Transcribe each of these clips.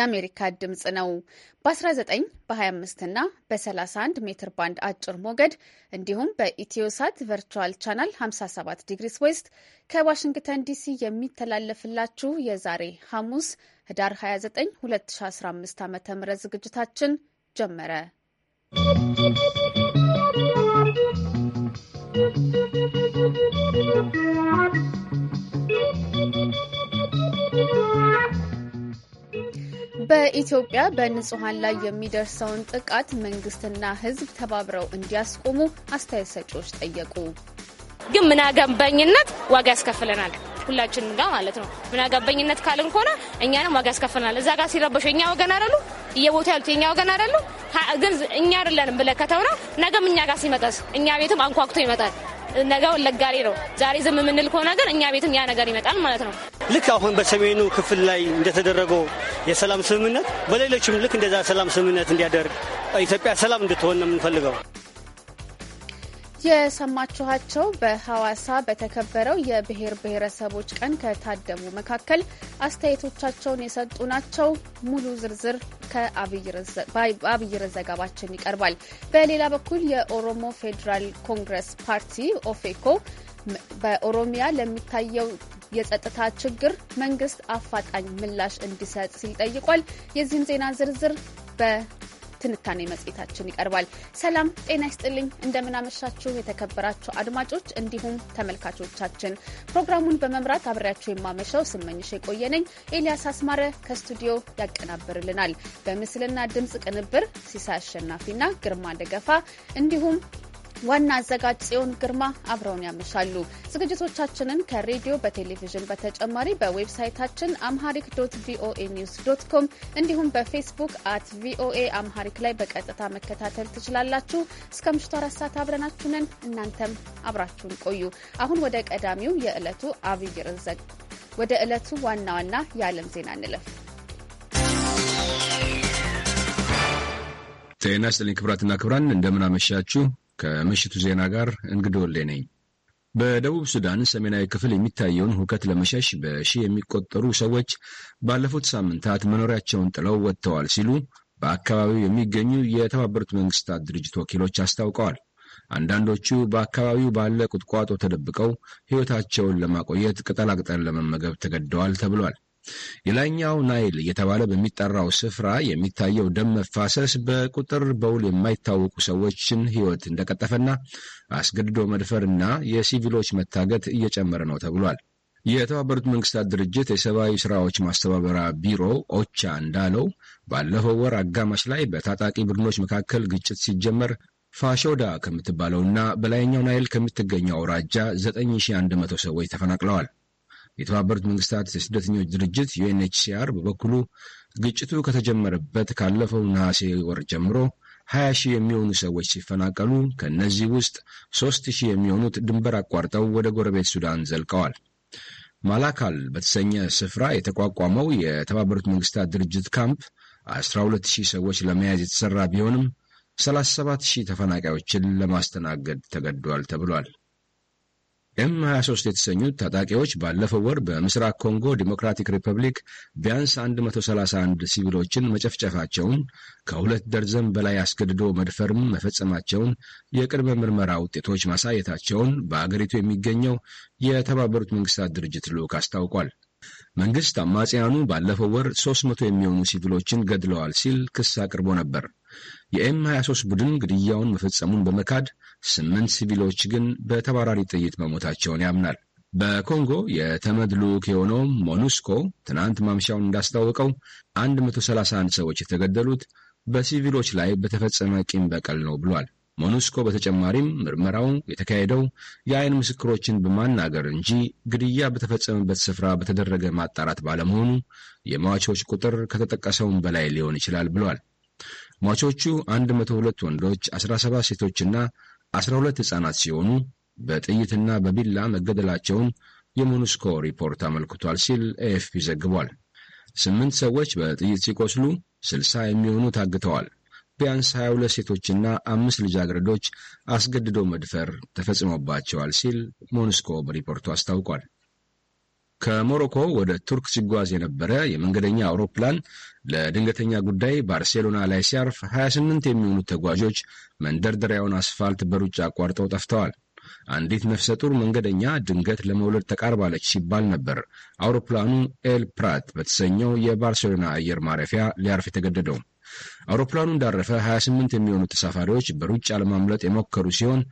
የአሜሪካ ድምፅ ነው። በ19 በ25 እና በ31 ሜትር ባንድ አጭር ሞገድ እንዲሁም በኢትዮሳት ቨርቹዋል ቻናል 57 ዲግሪስ ዌስት ከዋሽንግተን ዲሲ የሚተላለፍላችሁ የዛሬ ሐሙስ ህዳር 29 2015 ዓ ም ዝግጅታችን ጀመረ። ¶¶ በኢትዮጵያ በንጹሐን ላይ የሚደርሰውን ጥቃት መንግስትና ሕዝብ ተባብረው እንዲያስቆሙ አስተያየት ሰጪዎች ጠየቁ። ግን ምናገበኝነት ዋጋ ያስከፍለናል፣ ሁላችንም ጋር ማለት ነው። ምናገበኝነት ካልን ከሆነ እኛንም ዋጋ ያስከፍለናል። እዛ ጋር ሲረበሹ እኛ ወገን አይደሉ? እየቦታ ያሉት የኛ ወገን አይደሉ? ግን እኛ አይደለንም ብለህ ከተውና ነገም እኛ ጋር ሲመጣስ እኛ ቤትም አንኳኩቶ ይመጣል። ነገ ወለጋ ነው። ዛሬ ዝም የምንል ከሆነ ግን እኛ ቤትም ያ ነገር ይመጣል ማለት ነው። ልክ አሁን በሰሜኑ ክፍል ላይ እንደተደረገው የሰላም ስምምነት በሌሎችም ልክ እንደዛ ሰላም ስምምነት እንዲያደርግ ኢትዮጵያ ሰላም እንድትሆን ነው የምንፈልገው። የሰማችኋቸው በሐዋሳ በተከበረው የብሔር ብሔረሰቦች ቀን ከታደሙ መካከል አስተያየቶቻቸውን የሰጡ ናቸው። ሙሉ ዝርዝር ከአብይ ርዕስ ዘገባችን ይቀርባል። በሌላ በኩል የኦሮሞ ፌዴራል ኮንግረስ ፓርቲ ኦፌኮ በኦሮሚያ ለሚታየው የጸጥታ ችግር መንግስት አፋጣኝ ምላሽ እንዲሰጥ ሲል ጠይቋል። የዚህም ዜና ዝርዝር በ ትንታኔ መጽሔታችን ይቀርባል። ሰላም ጤና ይስጥልኝ። እንደምናመሻችሁ የተከበራችሁ አድማጮች እንዲሁም ተመልካቾቻችን ፕሮግራሙን በመምራት አብሬያችሁ የማመሻው ስመኝሽ የቆየነኝ። ኤልያስ አስማረ ከስቱዲዮ ያቀናብርልናል። በምስልና ድምፅ ቅንብር ሲሳይ አሸናፊና ግርማ ደገፋ እንዲሁም ዋና አዘጋጅ ጽዮን ግርማ አብረውን ያመሻሉ። ዝግጅቶቻችንን ከሬዲዮ በቴሌቪዥን በተጨማሪ በዌብሳይታችን አምሃሪክ ዶት ቪኦኤ ኒውስ ዶት ኮም እንዲሁም በፌስቡክ አት ቪኦኤ አምሃሪክ ላይ በቀጥታ መከታተል ትችላላችሁ። እስከ ምሽቱ አራት ሰዓት አብረናችሁ እናንተም አብራችሁን ቆዩ። አሁን ወደ ቀዳሚው የዕለቱ አብይ ርዕስ ወደ ዕለቱ ዋና ዋና የዓለም ዜና እንለፍ። ጤና ይስጥልኝ ክቡራትና ክቡራን እንደምን አመሻችሁ። ከምሽቱ ዜና ጋር እንግዶ ወሌ ነኝ። በደቡብ ሱዳን ሰሜናዊ ክፍል የሚታየውን ሁከት ለመሸሽ በሺህ የሚቆጠሩ ሰዎች ባለፉት ሳምንታት መኖሪያቸውን ጥለው ወጥተዋል ሲሉ በአካባቢው የሚገኙ የተባበሩት መንግስታት ድርጅት ወኪሎች አስታውቀዋል። አንዳንዶቹ በአካባቢው ባለ ቁጥቋጦ ተደብቀው ሕይወታቸውን ለማቆየት ቅጠላቅጠል ለመመገብ ተገደዋል ተብሏል። የላይኛው ናይል እየተባለ በሚጠራው ስፍራ የሚታየው ደም መፋሰስ በቁጥር በውል የማይታወቁ ሰዎችን ሕይወት እንደቀጠፈና አስገድዶ መድፈር እና የሲቪሎች መታገት እየጨመረ ነው ተብሏል። የተባበሩት መንግስታት ድርጅት የሰብአዊ ስራዎች ማስተባበሪያ ቢሮ ኦቻ እንዳለው ባለፈው ወር አጋማሽ ላይ በታጣቂ ቡድኖች መካከል ግጭት ሲጀመር ፋሾዳ ከምትባለውና በላይኛው ናይል ከምትገኘው አውራጃ 9100 ሰዎች ተፈናቅለዋል። የተባበሩት መንግስታት የስደተኞች ድርጅት ዩኤንኤችሲአር በበኩሉ ግጭቱ ከተጀመረበት ካለፈው ነሐሴ ወር ጀምሮ 20 ሺህ የሚሆኑ ሰዎች ሲፈናቀሉ ከእነዚህ ውስጥ 3 ሺህ የሚሆኑት ድንበር አቋርጠው ወደ ጎረቤት ሱዳን ዘልቀዋል። ማላካል በተሰኘ ስፍራ የተቋቋመው የተባበሩት መንግስታት ድርጅት ካምፕ 12 ሺህ ሰዎች ለመያዝ የተሰራ ቢሆንም 37 ሺህ ተፈናቃዮችን ለማስተናገድ ተገዷል ተብሏል። ኤም 23 የተሰኙት ታጣቂዎች ባለፈው ወር በምስራቅ ኮንጎ ዲሞክራቲክ ሪፐብሊክ ቢያንስ 131 ሲቪሎችን መጨፍጨፋቸውን ከሁለት ደርዘን በላይ አስገድዶ መድፈርም መፈጸማቸውን የቅድመ ምርመራ ውጤቶች ማሳየታቸውን በአገሪቱ የሚገኘው የተባበሩት መንግስታት ድርጅት ልዑክ አስታውቋል። መንግስት አማጽያኑ ባለፈው ወር 300 የሚሆኑ ሲቪሎችን ገድለዋል ሲል ክስ አቅርቦ ነበር። የኤም 23 ቡድን ግድያውን መፈጸሙን በመካድ ስምንት ሲቪሎች ግን በተባራሪ ጥይት መሞታቸውን ያምናል። በኮንጎ የተመድ ልዑክ የሆነው ሞኑስኮ ትናንት ማምሻውን እንዳስታወቀው 131 ሰዎች የተገደሉት በሲቪሎች ላይ በተፈጸመ ቂም በቀል ነው ብሏል። ሞኑስኮ በተጨማሪም ምርመራው የተካሄደው የአይን ምስክሮችን በማናገር እንጂ ግድያ በተፈጸመበት ስፍራ በተደረገ ማጣራት ባለመሆኑ የሟቾች ቁጥር ከተጠቀሰውም በላይ ሊሆን ይችላል ብሏል። ሟቾቹ 102 ወንዶች፣ 17 ሴቶችና 12 ሕፃናት ሲሆኑ በጥይትና በቢላ መገደላቸውን የሞኑስኮ ሪፖርት አመልክቷል ሲል ኤኤፍፒ ዘግቧል። ስምንት ሰዎች በጥይት ሲቆስሉ 60 የሚሆኑ ታግተዋል። ቢያንስ 22 ሴቶችና አምስት ልጃገረዶች አስገድዶ መድፈር ተፈጽሞባቸዋል ሲል ሞኑስኮ በሪፖርቱ አስታውቋል። ከሞሮኮ ወደ ቱርክ ሲጓዝ የነበረ የመንገደኛ አውሮፕላን ለድንገተኛ ጉዳይ ባርሴሎና ላይ ሲያርፍ 28 የሚሆኑ ተጓዦች መንደርደሪያውን አስፋልት በሩጫ አቋርጠው ጠፍተዋል። አንዲት ነፍሰ ጡር መንገደኛ ድንገት ለመውለድ ተቃርባለች ሲባል ነበር አውሮፕላኑ ኤል ፕራት በተሰኘው የባርሴሎና አየር ማረፊያ ሊያርፍ የተገደደው። አውሮፕላኑ እንዳረፈ 28 የሚሆኑ ተሳፋሪዎች በሩጫ ለማምለጥ የሞከሩ ሲሆን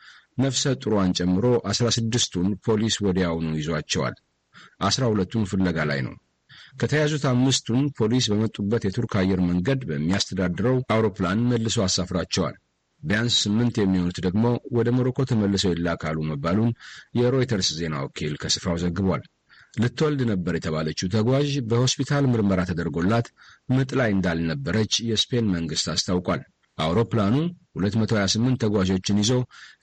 ነፍሰ ጡሯን ጨምሮ 16ቱን ፖሊስ ወዲያውኑ ይዟቸዋል። አስራ ሁለቱን ፍለጋ ላይ ነው። ከተያዙት አምስቱን ፖሊስ በመጡበት የቱርክ አየር መንገድ በሚያስተዳድረው አውሮፕላን መልሶ አሳፍራቸዋል። ቢያንስ ስምንት የሚሆኑት ደግሞ ወደ ሞሮኮ ተመልሰው ይላካሉ መባሉን የሮይተርስ ዜና ወኪል ከስፍራው ዘግቧል። ልትወልድ ነበር የተባለችው ተጓዥ በሆስፒታል ምርመራ ተደርጎላት ምጥ ላይ እንዳልነበረች የስፔን መንግስት አስታውቋል። አውሮፕላኑ 228 ተጓዦችን ይዞ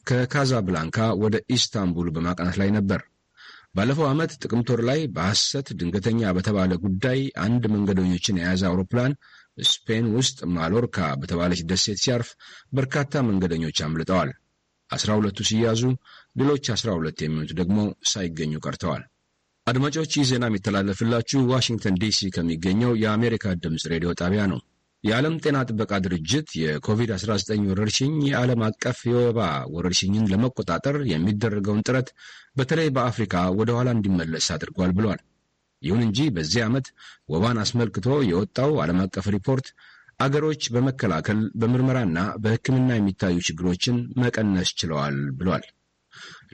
ከካዛብላንካ ወደ ኢስታንቡል በማቅናት ላይ ነበር። ባለፈው ዓመት ጥቅምት ወር ላይ በሐሰት ድንገተኛ በተባለ ጉዳይ አንድ መንገደኞችን የያዘ አውሮፕላን ስፔን ውስጥ ማሎርካ በተባለች ደሴት ሲያርፍ በርካታ መንገደኞች አምልጠዋል። አስራ ሁለቱ ሲያዙ ሌሎች አስራ ሁለት የሚሆኑት ደግሞ ሳይገኙ ቀርተዋል። አድማጮች ይህ ዜና የሚተላለፍላችሁ ዋሽንግተን ዲሲ ከሚገኘው የአሜሪካ ድምፅ ሬዲዮ ጣቢያ ነው። የዓለም ጤና ጥበቃ ድርጅት የኮቪድ-19 ወረርሽኝ የዓለም አቀፍ የወባ ወረርሽኝን ለመቆጣጠር የሚደረገውን ጥረት በተለይ በአፍሪካ ወደ ኋላ እንዲመለስ አድርጓል ብሏል። ይሁን እንጂ በዚህ ዓመት ወባን አስመልክቶ የወጣው ዓለም አቀፍ ሪፖርት አገሮች በመከላከል በምርመራና በሕክምና የሚታዩ ችግሮችን መቀነስ ችለዋል ብሏል።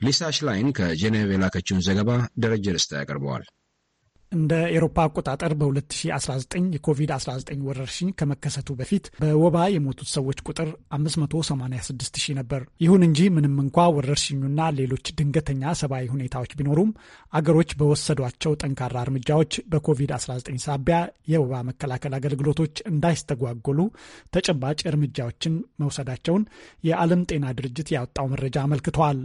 ሊሳ ሽላይን ከጄኔቭ የላከችውን ዘገባ ደረጀ ደስታ ያቀርበዋል። እንደ ኤሮፓ አቆጣጠር በ2019 የኮቪድ-19 ወረርሽኝ ከመከሰቱ በፊት በወባ የሞቱት ሰዎች ቁጥር 586 ሺህ ነበር። ይሁን እንጂ ምንም እንኳ ወረርሽኙና ሌሎች ድንገተኛ ሰብአዊ ሁኔታዎች ቢኖሩም አገሮች በወሰዷቸው ጠንካራ እርምጃዎች በኮቪድ-19 ሳቢያ የወባ መከላከል አገልግሎቶች እንዳይስተጓጎሉ ተጨባጭ እርምጃዎችን መውሰዳቸውን የዓለም ጤና ድርጅት ያወጣው መረጃ አመልክተዋል።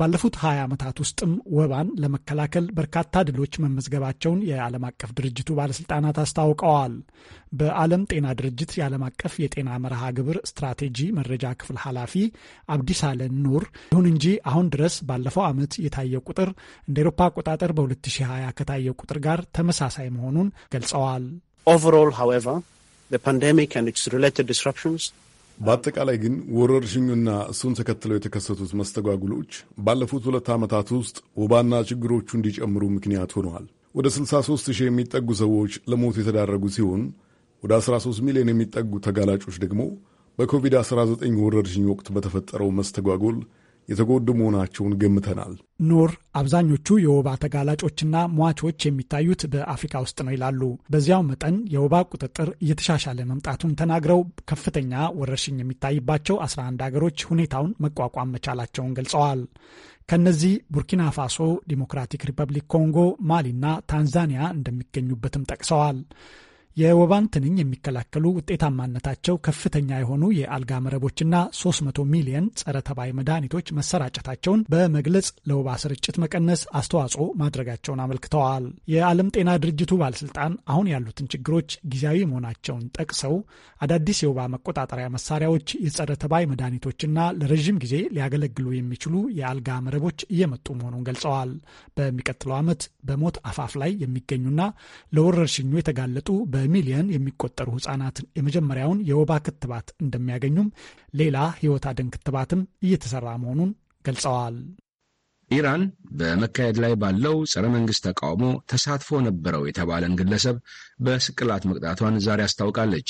ባለፉት 20 ዓመታት ውስጥም ወባን ለመከላከል በርካታ ድሎች መመዝገባቸውን የዓለም አቀፍ ድርጅቱ ባለሥልጣናት አስታውቀዋል። በዓለም ጤና ድርጅት የዓለም አቀፍ የጤና መርሃ ግብር ስትራቴጂ መረጃ ክፍል ኃላፊ አብዲሳለን ኑር፣ ይሁን እንጂ አሁን ድረስ ባለፈው ዓመት የታየው ቁጥር እንደ ኤሮፓ አቆጣጠር በ2020 ከታየው ቁጥር ጋር ተመሳሳይ መሆኑን ገልጸዋል። ኦቨርኦል ፓንደሚክ ኤንድ ኢትስ ሪሌትድ ዲስራፕሽንስ በአጠቃላይ ግን ወረርሽኙና እሱን ተከትለው የተከሰቱት መስተጓጉሎች ባለፉት ሁለት ዓመታት ውስጥ ወባና ችግሮቹ እንዲጨምሩ ምክንያት ሆነዋል። ወደ 63 ሺህ የሚጠጉ ሰዎች ለሞት የተዳረጉ ሲሆን ወደ 13 ሚሊዮን የሚጠጉ ተጋላጮች ደግሞ በኮቪድ-19 ወረርሽኝ ወቅት በተፈጠረው መስተጓጎል የተጎዱ መሆናቸውን ገምተናል። ኑር አብዛኞቹ የወባ ተጋላጮችና ሟቾች የሚታዩት በአፍሪካ ውስጥ ነው ይላሉ። በዚያው መጠን የወባ ቁጥጥር እየተሻሻለ መምጣቱን ተናግረው ከፍተኛ ወረርሽኝ የሚታይባቸው 11 አገሮች ሁኔታውን መቋቋም መቻላቸውን ገልጸዋል። ከነዚህ ቡርኪና ፋሶ፣ ዲሞክራቲክ ሪፐብሊክ ኮንጎ፣ ማሊና ታንዛኒያ እንደሚገኙበትም ጠቅሰዋል። የወባን ትንኝ የሚከላከሉ ውጤታማነታቸው ከፍተኛ የሆኑ የአልጋ መረቦችና 300 ሚሊየን ጸረ ተባይ መድኃኒቶች መሰራጨታቸውን በመግለጽ ለወባ ስርጭት መቀነስ አስተዋጽኦ ማድረጋቸውን አመልክተዋል። የዓለም ጤና ድርጅቱ ባለስልጣን አሁን ያሉትን ችግሮች ጊዜያዊ መሆናቸውን ጠቅሰው አዳዲስ የወባ መቆጣጠሪያ መሳሪያዎች፣ የጸረ ተባይ መድኃኒቶችና ለረዥም ጊዜ ሊያገለግሉ የሚችሉ የአልጋ መረቦች እየመጡ መሆኑን ገልጸዋል። በሚቀጥለው ዓመት በሞት አፋፍ ላይ የሚገኙና ለወረርሽኙ የተጋለጡ በ በሚሊየን የሚቆጠሩ ህጻናት የመጀመሪያውን የወባ ክትባት እንደሚያገኙም ሌላ ህይወት አድን ክትባትም እየተሰራ መሆኑን ገልጸዋል። ኢራን በመካሄድ ላይ ባለው ጸረ መንግስት ተቃውሞ ተሳትፎ ነበረው የተባለን ግለሰብ በስቅላት መቅጣቷን ዛሬ አስታውቃለች።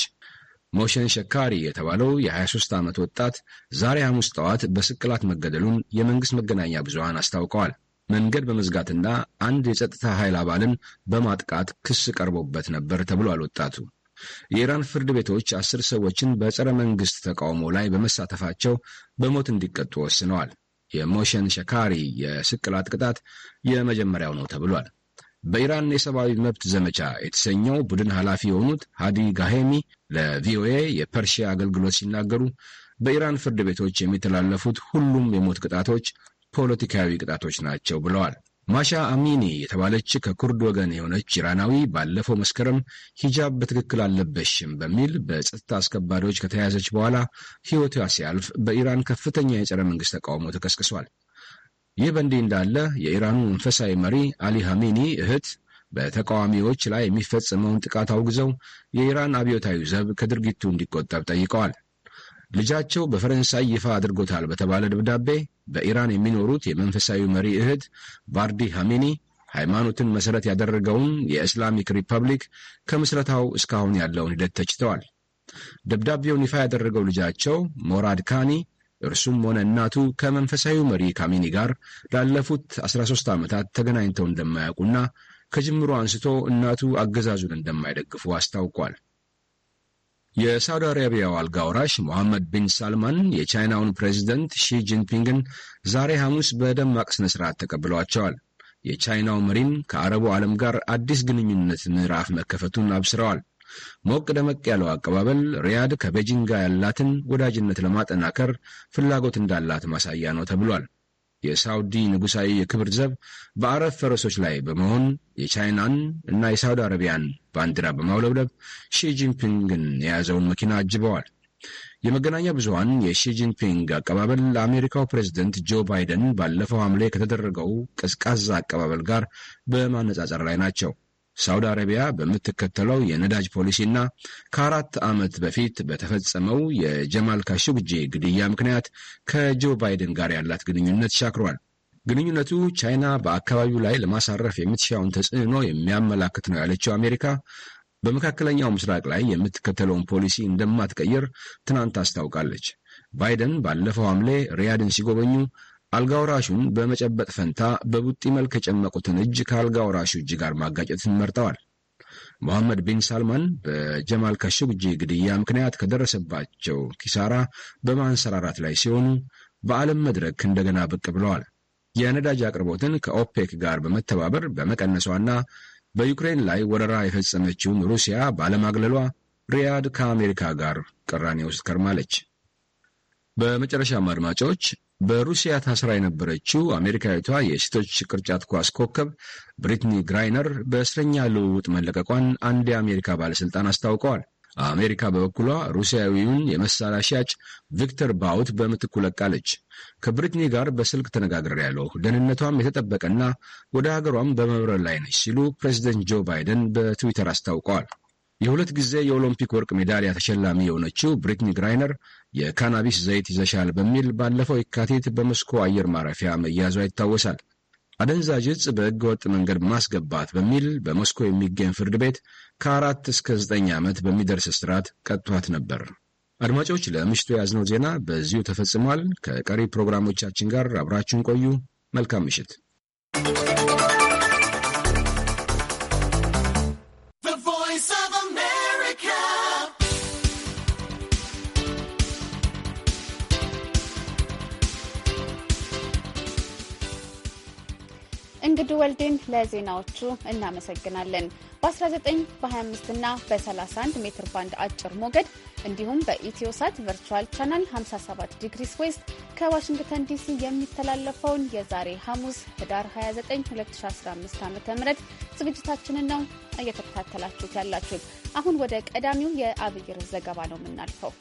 ሞሸን ሸካሪ የተባለው የ23 ዓመት ወጣት ዛሬ ሐሙስ ጠዋት በስቅላት መገደሉን የመንግሥት መገናኛ ብዙሃን አስታውቀዋል። መንገድ በመዝጋትና አንድ የጸጥታ ኃይል አባልን በማጥቃት ክስ ቀርቦበት ነበር ተብሏል። ወጣቱ የኢራን ፍርድ ቤቶች አስር ሰዎችን በጸረ መንግስት ተቃውሞ ላይ በመሳተፋቸው በሞት እንዲቀጡ ወስነዋል። የሞሸን ሸካሪ የስቅላት ቅጣት የመጀመሪያው ነው ተብሏል። በኢራን የሰብአዊ መብት ዘመቻ የተሰኘው ቡድን ኃላፊ የሆኑት ሃዲ ጋሄሚ ለቪኦኤ የፐርሺያ አገልግሎት ሲናገሩ በኢራን ፍርድ ቤቶች የሚተላለፉት ሁሉም የሞት ቅጣቶች ፖለቲካዊ ቅጣቶች ናቸው ብለዋል። ማሻ አሚኒ የተባለች ከኩርድ ወገን የሆነች ኢራናዊ ባለፈው መስከረም ሂጃብ በትክክል አለበሽም በሚል በጸጥታ አስከባሪዎች ከተያዘች በኋላ ሕይወቷ ሲያልፍ በኢራን ከፍተኛ የጸረ መንግሥት ተቃውሞ ተቀስቅሷል። ይህ በእንዲህ እንዳለ የኢራኑ መንፈሳዊ መሪ አሊ ሐሜኒ እህት በተቃዋሚዎች ላይ የሚፈጽመውን ጥቃት አውግዘው የኢራን አብዮታዊ ዘብ ከድርጊቱ እንዲቆጠብ ጠይቀዋል። ልጃቸው በፈረንሳይ ይፋ አድርጎታል በተባለ ደብዳቤ በኢራን የሚኖሩት የመንፈሳዊ መሪ እህት ባርዲ ሐሚኒ ሃይማኖትን መሠረት ያደረገውን የእስላሚክ ሪፐብሊክ ከምስረታው እስካሁን ያለውን ሂደት ተችተዋል። ደብዳቤውን ይፋ ያደረገው ልጃቸው ሞራድ ካኒ እርሱም ሆነ እናቱ ከመንፈሳዊ መሪ ካሚኒ ጋር ላለፉት 13 ዓመታት ተገናኝተው እንደማያውቁና ከጅምሮ አንስቶ እናቱ አገዛዙን እንደማይደግፉ አስታውቋል። የሳውዲ አረቢያው አልጋ ወራሽ ሞሐመድ ቢን ሳልማን የቻይናውን ፕሬዚደንት ሺ ጂንፒንግን ዛሬ ሐሙስ በደማቅ ስነ ስርዓት ተቀብለዋቸዋል። የቻይናው መሪም ከአረቡ ዓለም ጋር አዲስ ግንኙነት ምዕራፍ መከፈቱን አብስረዋል። ሞቅ ደመቅ ያለው አቀባበል ሪያድ ከቤጂንግ ጋር ያላትን ወዳጅነት ለማጠናከር ፍላጎት እንዳላት ማሳያ ነው ተብሏል። የሳውዲ ንጉሣዊ የክብር ዘብ በአረብ ፈረሶች ላይ በመሆን የቻይናን እና የሳውዲ አረቢያን ባንዲራ በማውለብለብ ሺጂንፒንግን የያዘውን መኪና አጅበዋል። የመገናኛ ብዙኃን የሺጂንፒንግ አቀባበል ለአሜሪካው ፕሬዝደንት ጆ ባይደን ባለፈው ሐምሌ ከተደረገው ቀዝቃዛ አቀባበል ጋር በማነጻጸር ላይ ናቸው። ሳውዲ አረቢያ በምትከተለው የነዳጅ ፖሊሲና ከአራት ዓመት በፊት በተፈጸመው የጀማል ካሾግጄ ግድያ ምክንያት ከጆ ባይደን ጋር ያላት ግንኙነት ሻክሯል። ግንኙነቱ ቻይና በአካባቢው ላይ ለማሳረፍ የምትሻውን ተጽዕኖ የሚያመላክት ነው ያለችው አሜሪካ በመካከለኛው ምስራቅ ላይ የምትከተለውን ፖሊሲ እንደማትቀይር ትናንት አስታውቃለች። ባይደን ባለፈው ሐምሌ ሪያድን ሲጎበኙ አልጋ በመጨበጥ ፈንታ በቡጢ መልክ የጨመቁትን እጅ ከአልጋ እጅ ጋር ማጋጨትን መርጠዋል። መሐመድ ቢን ሳልማን በጀማል ካሾግጂ ግድያ ምክንያት ከደረሰባቸው ኪሳራ በማንሰራራት ላይ ሲሆኑ በዓለም መድረክ እንደገና ብቅ ብለዋል። የነዳጅ አቅርቦትን ከኦፔክ ጋር በመተባበር በመቀነሷና በዩክሬን ላይ ወረራ የፈጸመችውን ሩሲያ ባለማግለሏ ሪያድ ከአሜሪካ ጋር ቅራኔ ውስጥ ከርማለች። በመጨረሻም አድማጮች በሩሲያ ታስራ የነበረችው አሜሪካዊቷ የሴቶች ቅርጫት ኳስ ኮከብ ብሪትኒ ግራይነር በእስረኛ ልውውጥ መለቀቋን አንድ የአሜሪካ ባለሥልጣን አስታውቀዋል። አሜሪካ በበኩሏ ሩሲያዊውን የመሳሪያ ሻጭ ቪክተር ባውት በምትኩ ለቃለች። ከብሪትኒ ጋር በስልክ ያለው ደህንነቷም የተጠበቀና ወደ ሀገሯም በመብረር ላይ ነች ሲሉ ፕሬዚደንት ጆ ባይደን በትዊተር አስታውቀዋል። የሁለት ጊዜ የኦሎምፒክ ወርቅ ሜዳሊያ ተሸላሚ የሆነችው ብሪትኒ ግራይነር የካናቢስ ዘይት ይዘሻል በሚል ባለፈው የካቲት በመስኮ አየር ማረፊያ መያዟ ይታወሳል። አደንዛዥ ዕጽ በሕገ ወጥ መንገድ ማስገባት በሚል በሞስኮ የሚገኝ ፍርድ ቤት ከአራት እስከ ዘጠኝ ዓመት በሚደርስ እስራት ቀጥቷት ነበር። አድማጮች፣ ለምሽቱ የያዝነው ዜና በዚሁ ተፈጽሟል። ከቀሪ ፕሮግራሞቻችን ጋር አብራችሁን ቆዩ። መልካም ምሽት። እንግዱ ወልዴን ለዜናዎቹ እናመሰግናለን። በ19 በ25 እና በ31 ሜትር ባንድ አጭር ሞገድ እንዲሁም በኢትዮሳት ቨርቹዋል ቻናል 57 ዲግሪስ ዌስት ከዋሽንግተን ዲሲ የሚተላለፈውን የዛሬ ሐሙስ ህዳር 29 2015 ዓ ም ዝግጅታችንን ነው እየተከታተላችሁት ያላችሁት። አሁን ወደ ቀዳሚው የአብይር ዘገባ ነው የምናልፈው።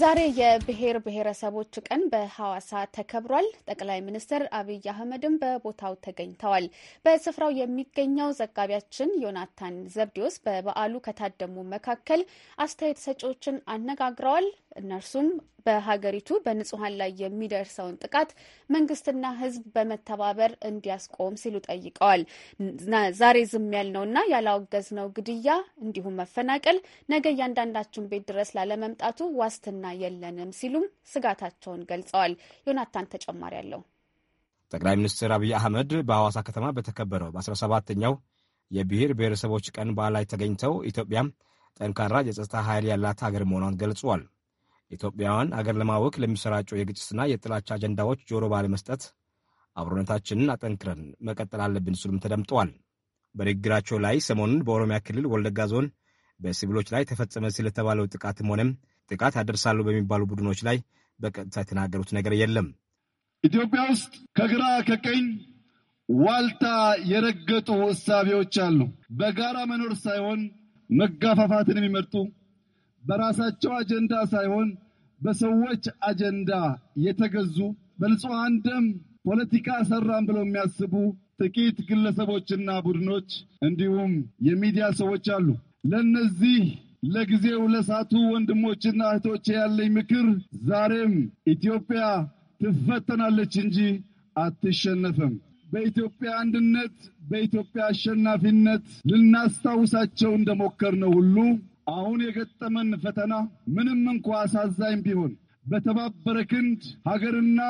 ዛሬ የብሔር ብሔረሰቦች ቀን በሐዋሳ ተከብሯል። ጠቅላይ ሚኒስትር አብይ አህመድም በቦታው ተገኝተዋል። በስፍራው የሚገኘው ዘጋቢያችን ዮናታን ዘብዲዎስ በበዓሉ ከታደሙ መካከል አስተያየት ሰጪዎችን አነጋግረዋል። እነርሱም በሀገሪቱ በንጹሐን ላይ የሚደርሰውን ጥቃት መንግስትና ህዝብ በመተባበር እንዲያስቆም ሲሉ ጠይቀዋል። ዛሬ ዝም ያልነውና ያላወገዝነው ግድያ፣ እንዲሁም መፈናቀል ነገ እያንዳንዳችን ቤት ድረስ ላለመምጣቱ ዋስትና የለንም ሲሉም ስጋታቸውን ገልጸዋል። ዮናታን ተጨማሪ አለው። ጠቅላይ ሚኒስትር አብይ አህመድ በሐዋሳ ከተማ በተከበረው በ17ኛው የብሔር ብሔረሰቦች ቀን በዓል ላይ ተገኝተው ኢትዮጵያ ጠንካራ የጸጥታ ኃይል ያላት ሀገር መሆኗን ገልጿል። ኢትዮጵያውያን አገር ለማወክ ለሚሰራጩ የግጭትና የጥላቻ አጀንዳዎች ጆሮ ባለመስጠት አብሮነታችንን አጠንክረን መቀጠል አለብን ሲሉም ተደምጠዋል። በንግግራቸው ላይ ሰሞኑን በኦሮሚያ ክልል ወለጋ ዞን በሲቪሎች ላይ ተፈጸመ ስለተባለው ጥቃትም ሆነም ጥቃት ያደርሳሉ በሚባሉ ቡድኖች ላይ በቀጥታ የተናገሩት ነገር የለም። ኢትዮጵያ ውስጥ ከግራ ከቀኝ ዋልታ የረገጡ እሳቤዎች አሉ። በጋራ መኖር ሳይሆን መጋፋፋትን የሚመርጡ በራሳቸው አጀንዳ ሳይሆን በሰዎች አጀንዳ የተገዙ በንጹሐን ደም ፖለቲካ ሰራን ብለው የሚያስቡ ጥቂት ግለሰቦችና ቡድኖች እንዲሁም የሚዲያ ሰዎች አሉ። ለእነዚህ ለጊዜው ለሳቱ ወንድሞችና እህቶች ያለኝ ምክር ዛሬም ኢትዮጵያ ትፈተናለች እንጂ አትሸነፍም። በኢትዮጵያ አንድነት፣ በኢትዮጵያ አሸናፊነት ልናስታውሳቸው እንደሞከርነው ሁሉ አሁን የገጠመን ፈተና ምንም እንኳ አሳዛኝ ቢሆን በተባበረ ክንድ ሀገርና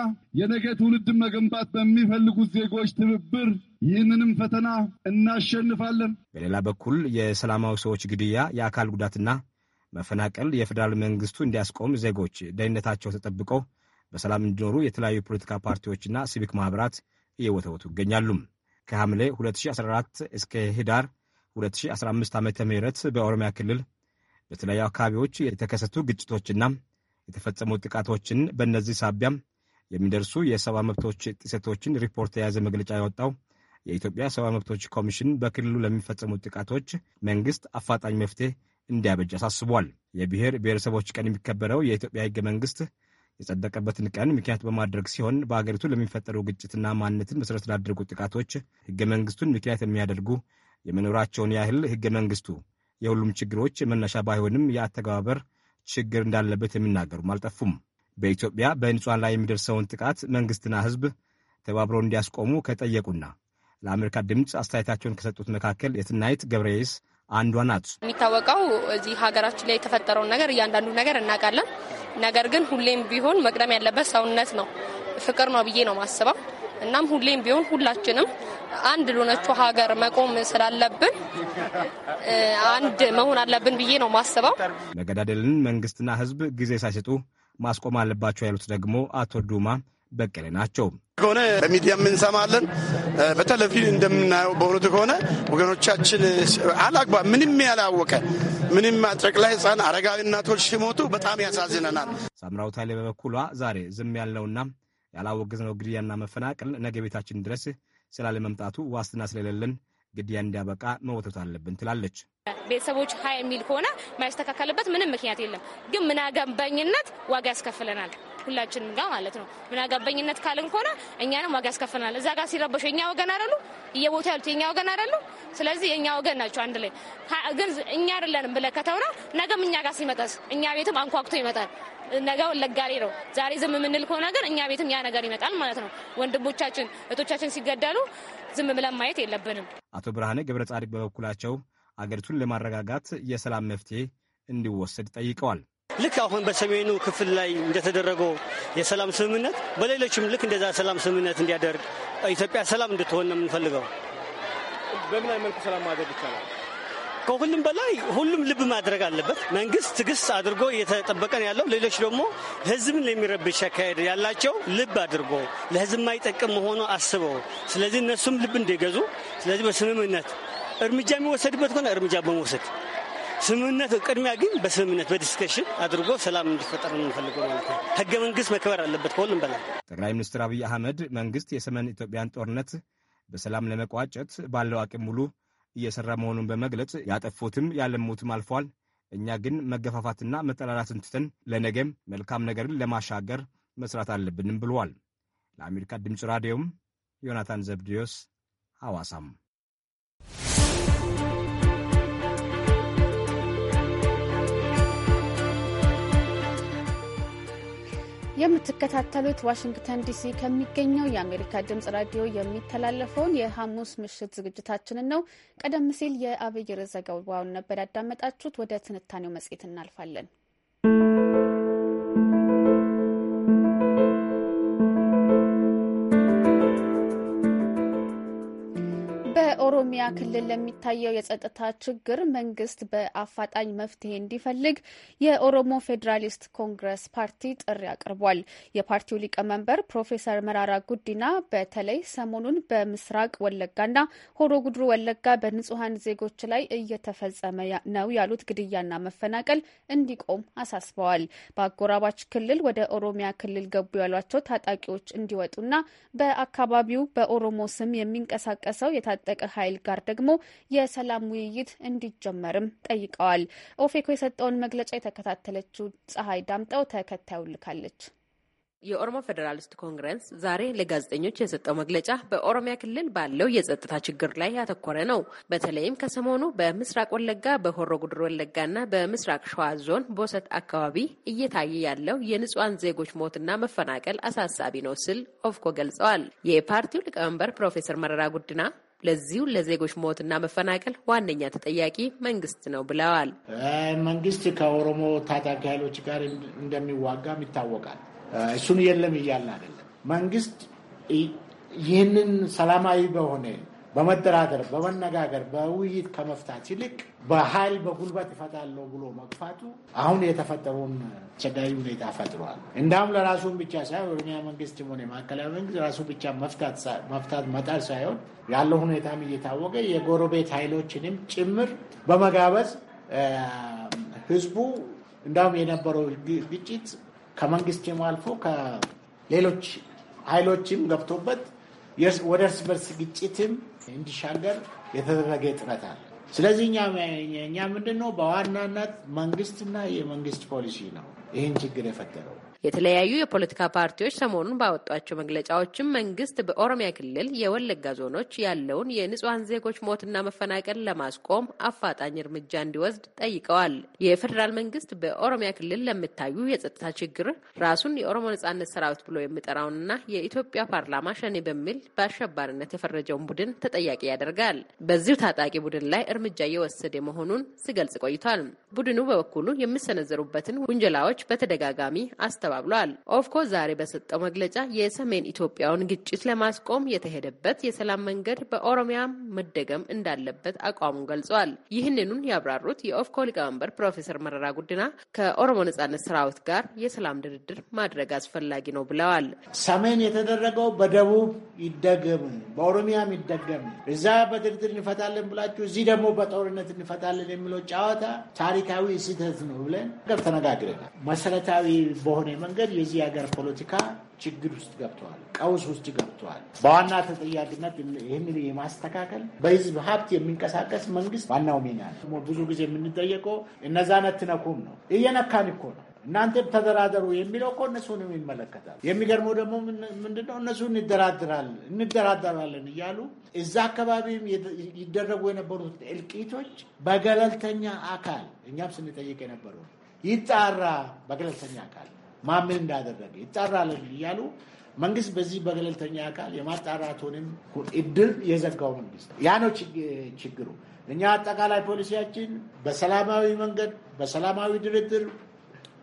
የነገ ትውልድን መገንባት በሚፈልጉት ዜጎች ትብብር ይህንንም ፈተና እናሸንፋለን። በሌላ በኩል የሰላማዊ ሰዎች ግድያ፣ የአካል ጉዳትና መፈናቀል የፌዴራል መንግስቱ እንዲያስቆም ዜጎች ደህንነታቸው ተጠብቀው በሰላም እንዲኖሩ የተለያዩ የፖለቲካ ፓርቲዎችና ሲቪክ ማኅበራት እየወተወቱ ይገኛሉ። ከሐምሌ 2014 እስከ ህዳር 2015 ዓ ም በኦሮሚያ ክልል በተለያዩ አካባቢዎች የተከሰቱ ግጭቶችና የተፈጸሙ ጥቃቶችን በእነዚህ ሳቢያ የሚደርሱ የሰብአዊ መብቶች ጥሰቶችን ሪፖርት የያዘ መግለጫ ያወጣው የኢትዮጵያ ሰብአዊ መብቶች ኮሚሽን በክልሉ ለሚፈጸሙ ጥቃቶች መንግስት አፋጣኝ መፍትሄ እንዲያበጅ አሳስቧል። የብሔር ብሔረሰቦች ቀን የሚከበረው የኢትዮጵያ ህገ መንግስት የጸደቀበትን ቀን ምክንያት በማድረግ ሲሆን በአገሪቱ ለሚፈጠሩ ግጭትና ማንነትን መሠረት ላደረጉ ጥቃቶች ህገ መንግስቱን ምክንያት የሚያደርጉ የመኖራቸውን ያህል ህገ መንግስቱ የሁሉም ችግሮች መነሻ ባይሆንም የአተገባበር ችግር እንዳለበት የሚናገሩም አልጠፉም። በኢትዮጵያ በንጹሐን ላይ የሚደርሰውን ጥቃት መንግስትና ህዝብ ተባብረው እንዲያስቆሙ ከጠየቁና ለአሜሪካ ድምፅ አስተያየታቸውን ከሰጡት መካከል የትናይት ገብረየስ አንዷ ናት። የሚታወቀው እዚህ ሀገራችን ላይ የተፈጠረውን ነገር እያንዳንዱ ነገር እናውቃለን። ነገር ግን ሁሌም ቢሆን መቅደም ያለበት ሰውነት ነው፣ ፍቅር ነው ብዬ ነው ማስበው እናም ሁሌም ቢሆን ሁላችንም አንድ ለሆነችው ሀገር መቆም ስላለብን አንድ መሆን አለብን ብዬ ነው ማስበው። መገዳደልን መንግስትና ህዝብ ጊዜ ሳይሰጡ ማስቆም አለባቸው ያሉት ደግሞ አቶ ዱማ በቀለ ናቸው። ከሆነ በሚዲያ የምንሰማለን፣ በቴሌቪዥን እንደምናየው በእውነቱ ከሆነ ወገኖቻችን አላግባብ ምንም ያላወቀ ምንም ጠቅላይ ህፃን አረጋዊ እናቶች ሲሞቱ በጣም ያሳዝነናል። ሳምራዊት ኃይሌ በበኩሏ ዛሬ ዝም ያለውና ያላወገዝነው ግድያና መፈናቀል ነገ ቤታችን ድረስ ስላለመምጣቱ ዋስትና ስለሌለን ግድያ እንዲያበቃ መወተት አለብን ትላለች። ቤተሰቦች ሀ የሚል ከሆነ ማያስተካከልበት ምንም ምክንያት የለም። ግን ምናገባኝነት ዋጋ ያስከፍለናል ሁላችንም ጋር ማለት ነው። ምናገባኝነት ካልን ከሆነ እኛንም ዋጋ ያስከፍለናል። እዛ ጋር ሲረበሹ የኛ ወገን አይደሉ? እየቦታ ያሉት የኛ ወገን አይደሉ? ስለዚህ እኛ ወገን ናቸው። አንድ ላይ ግን እኛ አይደለንም ብለህ ከተውና ነገም እኛ ጋር ሲመጣስ እኛ ቤትም አንኳኩቶ ይመጣል። ነገ ወለጋ ላይ ነው። ዛሬ ዝም የምንል ከሆነ ግን እኛ ቤትም ያ ነገር ይመጣል ማለት ነው። ወንድሞቻችን እህቶቻችን ሲገደሉ ዝም ብለን ማየት የለብንም። አቶ ብርሃነ ገብረ ጻድቅ በበኩላቸው አገሪቱን ለማረጋጋት የሰላም መፍትሄ እንዲወሰድ ጠይቀዋል። ልክ አሁን በሰሜኑ ክፍል ላይ እንደተደረገው የሰላም ስምምነት በሌሎችም ልክ እንደዛ ሰላም ስምምነት እንዲያደርግ ኢትዮጵያ ሰላም እንድትሆን ነው የምንፈልገው። በምን መልኩ ሰላም ማድረግ ይቻላል? ከሁሉም በላይ ሁሉም ልብ ማድረግ አለበት። መንግስት ትግስት አድርጎ እየተጠበቀን ያለው ሌሎች ደግሞ ህዝብን የሚረብሽ አካሄድ ያላቸው ልብ አድርጎ ለህዝብ ማይጠቅም መሆኑ አስበው፣ ስለዚህ እነሱም ልብ እንዲገዙ፣ ስለዚህ በስምምነት እርምጃ የሚወሰድበት ከሆነ እርምጃ በመውሰድ ስምምነት ቅድሚያ ግን በስምምነት በዲስከሽን አድርጎ ሰላም እንዲፈጠር የምንፈልገው ማለት ነው። ህገ መንግስት መከበር አለበት ከሁሉም በላይ። ጠቅላይ ሚኒስትር አብይ አህመድ መንግስት የሰሜን ኢትዮጵያን ጦርነት በሰላም ለመቋጨት ባለው አቅም ሙሉ እየሰራ መሆኑን በመግለጽ ያጠፉትም ያለሙትም አልፏል። እኛ ግን መገፋፋትና መጠላላትን ትተን ለነገም መልካም ነገርን ለማሻገር መስራት አለብንም ብለዋል። ለአሜሪካ ድምፅ ራዲዮም ዮናታን ዘብዲዮስ ሐዋሳም የምትከታተሉት ዋሽንግተን ዲሲ ከሚገኘው የአሜሪካ ድምጽ ራዲዮ የሚተላለፈውን የሐሙስ ምሽት ዝግጅታችንን ነው። ቀደም ሲል የአብይር ዘገባውን ነበር ያዳመጣችሁት። ወደ ትንታኔው መጽሔት እናልፋለን። በኦሮሚያ ክልል ለሚታየው የጸጥታ ችግር መንግስት በአፋጣኝ መፍትሄ እንዲፈልግ የኦሮሞ ፌዴራሊስት ኮንግረስ ፓርቲ ጥሪ አቅርቧል። የፓርቲው ሊቀመንበር ፕሮፌሰር መራራ ጉዲና በተለይ ሰሞኑን በምስራቅ ወለጋና ሆሮ ጉድሩ ወለጋ በንጹሐን ዜጎች ላይ እየተፈጸመ ነው ያሉት ግድያና መፈናቀል እንዲቆም አሳስበዋል። በአጎራባች ክልል ወደ ኦሮሚያ ክልል ገቡ ያሏቸው ታጣቂዎች እንዲወጡና በአካባቢው በኦሮሞ ስም የሚንቀሳቀሰው የታጠቀ ኃይል ጋር ጋር ደግሞ የሰላም ውይይት እንዲጀመርም ጠይቀዋል። ኦፌኮ የሰጠውን መግለጫ የተከታተለችው ፀሐይ ዳምጠው ተከታዩ ልካለች። የኦሮሞ ፌዴራሊስት ኮንግረስ ዛሬ ለጋዜጠኞች የሰጠው መግለጫ በኦሮሚያ ክልል ባለው የጸጥታ ችግር ላይ ያተኮረ ነው። በተለይም ከሰሞኑ በምስራቅ ወለጋ በሆሮ ጉድር ወለጋና በምስራቅ ሸዋ ዞን ቦሰት አካባቢ እየታየ ያለው የንጹሐን ዜጎች ሞትና መፈናቀል አሳሳቢ ነው ሲል ኦፌኮ ገልጸዋል። የፓርቲው ሊቀመንበር ፕሮፌሰር መረራ ጉድና ለዚሁ ለዜጎች ሞትና መፈናቀል ዋነኛ ተጠያቂ መንግስት ነው ብለዋል። መንግስት ከኦሮሞ ታጣቂ ኃይሎች ጋር እንደሚዋጋም ይታወቃል። እሱን የለም እያልን አይደለም። መንግስት ይህንን ሰላማዊ በሆነ በመደራደር በመነጋገር በውይይት ከመፍታት ይልቅ በኃይል በጉልበት እፈታለሁ ብሎ መግፋቱ አሁን የተፈጠረውን አስቸጋሪ ሁኔታ ፈጥሯል። እንዳሁም ለራሱን ብቻ ሳይሆን የኦሮሚያ መንግስት ሆነ ማዕከላዊ መንግስት ራሱ ብቻ መፍታት መጣር ሳይሆን ያለው ሁኔታም እየታወቀ የጎረቤት ኃይሎችንም ጭምር በመጋበዝ ህዝቡ እንዳሁም የነበረው ግጭት ከመንግስትም አልፎ ከሌሎች ኃይሎችም ገብቶበት ወደ እርስ በርስ ግጭትም እንዲሻገር የተደረገ ጥረት አለ። ስለዚህ እኛ ምንድን ነው በዋናነት መንግስትና የመንግስት ፖሊሲ ነው ይህን ችግር የፈጠረው። የተለያዩ የፖለቲካ ፓርቲዎች ሰሞኑን ባወጧቸው መግለጫዎችም መንግስት በኦሮሚያ ክልል የወለጋ ዞኖች ያለውን የንጹሐን ዜጎች ሞትና መፈናቀል ለማስቆም አፋጣኝ እርምጃ እንዲወስድ ጠይቀዋል። የፌዴራል መንግስት በኦሮሚያ ክልል ለሚታዩ የጸጥታ ችግር ራሱን የኦሮሞ ነጻነት ሰራዊት ብሎ የሚጠራውንና የኢትዮጵያ ፓርላማ ሸኔ በሚል በአሸባሪነት የፈረጀውን ቡድን ተጠያቂ ያደርጋል። በዚሁ ታጣቂ ቡድን ላይ እርምጃ እየወሰደ መሆኑን ሲገልጽ ቆይቷል። ቡድኑ በበኩሉ የሚሰነዘሩበትን ውንጀላዎች በተደጋጋሚ አስተ አስተባብሏል። ኦፍኮ ዛሬ በሰጠው መግለጫ የሰሜን ኢትዮጵያውን ግጭት ለማስቆም የተሄደበት የሰላም መንገድ በኦሮሚያ መደገም እንዳለበት አቋሙን ገልጿል። ይህንኑን ያብራሩት የኦፍኮ ሊቀመንበር ፕሮፌሰር መረራ ጉድና ከኦሮሞ ነጻነት ሰራዊት ጋር የሰላም ድርድር ማድረግ አስፈላጊ ነው ብለዋል። ሰሜን የተደረገው በደቡብ ይደገም፣ በኦሮሚያም ይደገም። እዛ በድርድር እንፈታለን ብላችሁ እዚህ ደግሞ በጦርነት እንፈታለን የሚለው ጨዋታ ታሪካዊ ስህተት ነው ብለን ነገር ተነጋግረናል። መሰረታዊ በሆነ መንገድ የዚህ ሀገር ፖለቲካ ችግር ውስጥ ገብተዋል፣ ቀውስ ውስጥ ገብተዋል። በዋና ተጠያቂነት ይህንን የማስተካከል በህዝብ ሀብት የሚንቀሳቀስ መንግስት ዋናው ሚና ነው። ብዙ ጊዜ የምንጠየቀው እነዛ ነትነኩም ነው። እየነካን እኮ ነው እናንተም ተደራደሩ የሚለው እኮ እነሱንም ይመለከታል። የሚገርመው ደግሞ ምንድነው እነሱ እንደራደራለን እንደራደራለን እያሉ እዛ አካባቢም ይደረጉ የነበሩት እልቂቶች በገለልተኛ አካል እኛም ስንጠይቅ የነበሩ ይጣራ በገለልተኛ አካል ማምን እንዳደረገ ይጣራልን እያሉ መንግስት በዚህ በገለልተኛ አካል የማጣራቱንም እድል የዘጋው መንግስት ያ ነው ችግሩ። እኛ አጠቃላይ ፖሊሲያችን በሰላማዊ መንገድ በሰላማዊ ድርድር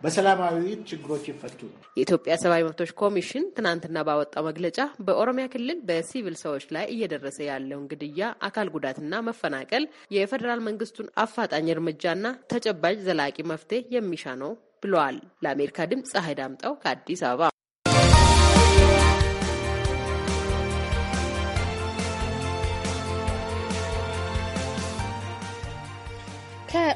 በሰላማዊ ችግሮች ይፈቱ። የኢትዮጵያ ሰብአዊ መብቶች ኮሚሽን ትናንትና ባወጣው መግለጫ በኦሮሚያ ክልል በሲቪል ሰዎች ላይ እየደረሰ ያለውን ግድያ፣ አካል ጉዳትና መፈናቀል የፌዴራል መንግስቱን አፋጣኝ እርምጃና ተጨባጭ ዘላቂ መፍትሄ የሚሻ ነው ብለዋል። ለአሜሪካ ድምፅ ፀሐይ ዳምጠው ከአዲስ አበባ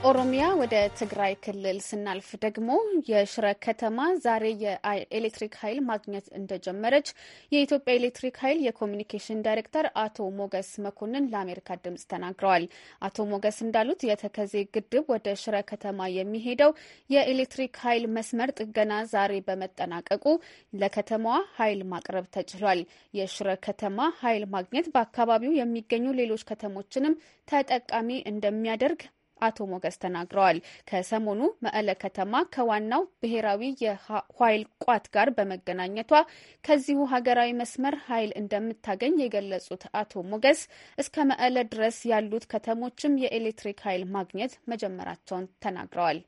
ከኦሮሚያ ወደ ትግራይ ክልል ስናልፍ ደግሞ የሽረ ከተማ ዛሬ የኤሌክትሪክ ኃይል ማግኘት እንደጀመረች የኢትዮጵያ ኤሌክትሪክ ኃይል የኮሚኒኬሽን ዳይሬክተር አቶ ሞገስ መኮንን ለአሜሪካ ድምጽ ተናግረዋል። አቶ ሞገስ እንዳሉት የተከዜ ግድብ ወደ ሽረ ከተማ የሚሄደው የኤሌክትሪክ ኃይል መስመር ጥገና ዛሬ በመጠናቀቁ ለከተማዋ ኃይል ማቅረብ ተችሏል። የሽረ ከተማ ኃይል ማግኘት በአካባቢው የሚገኙ ሌሎች ከተሞችንም ተጠቃሚ እንደሚያደርግ አቶ ሞገስ ተናግረዋል። ከሰሞኑ መቀለ ከተማ ከዋናው ብሔራዊ የኃይል ቋት ጋር በመገናኘቷ ከዚሁ ሀገራዊ መስመር ኃይል እንደምታገኝ የገለጹት አቶ ሞገስ እስከ መቀለ ድረስ ያሉት ከተሞችም የኤሌክትሪክ ኃይል ማግኘት መጀመራቸውን ተናግረዋል።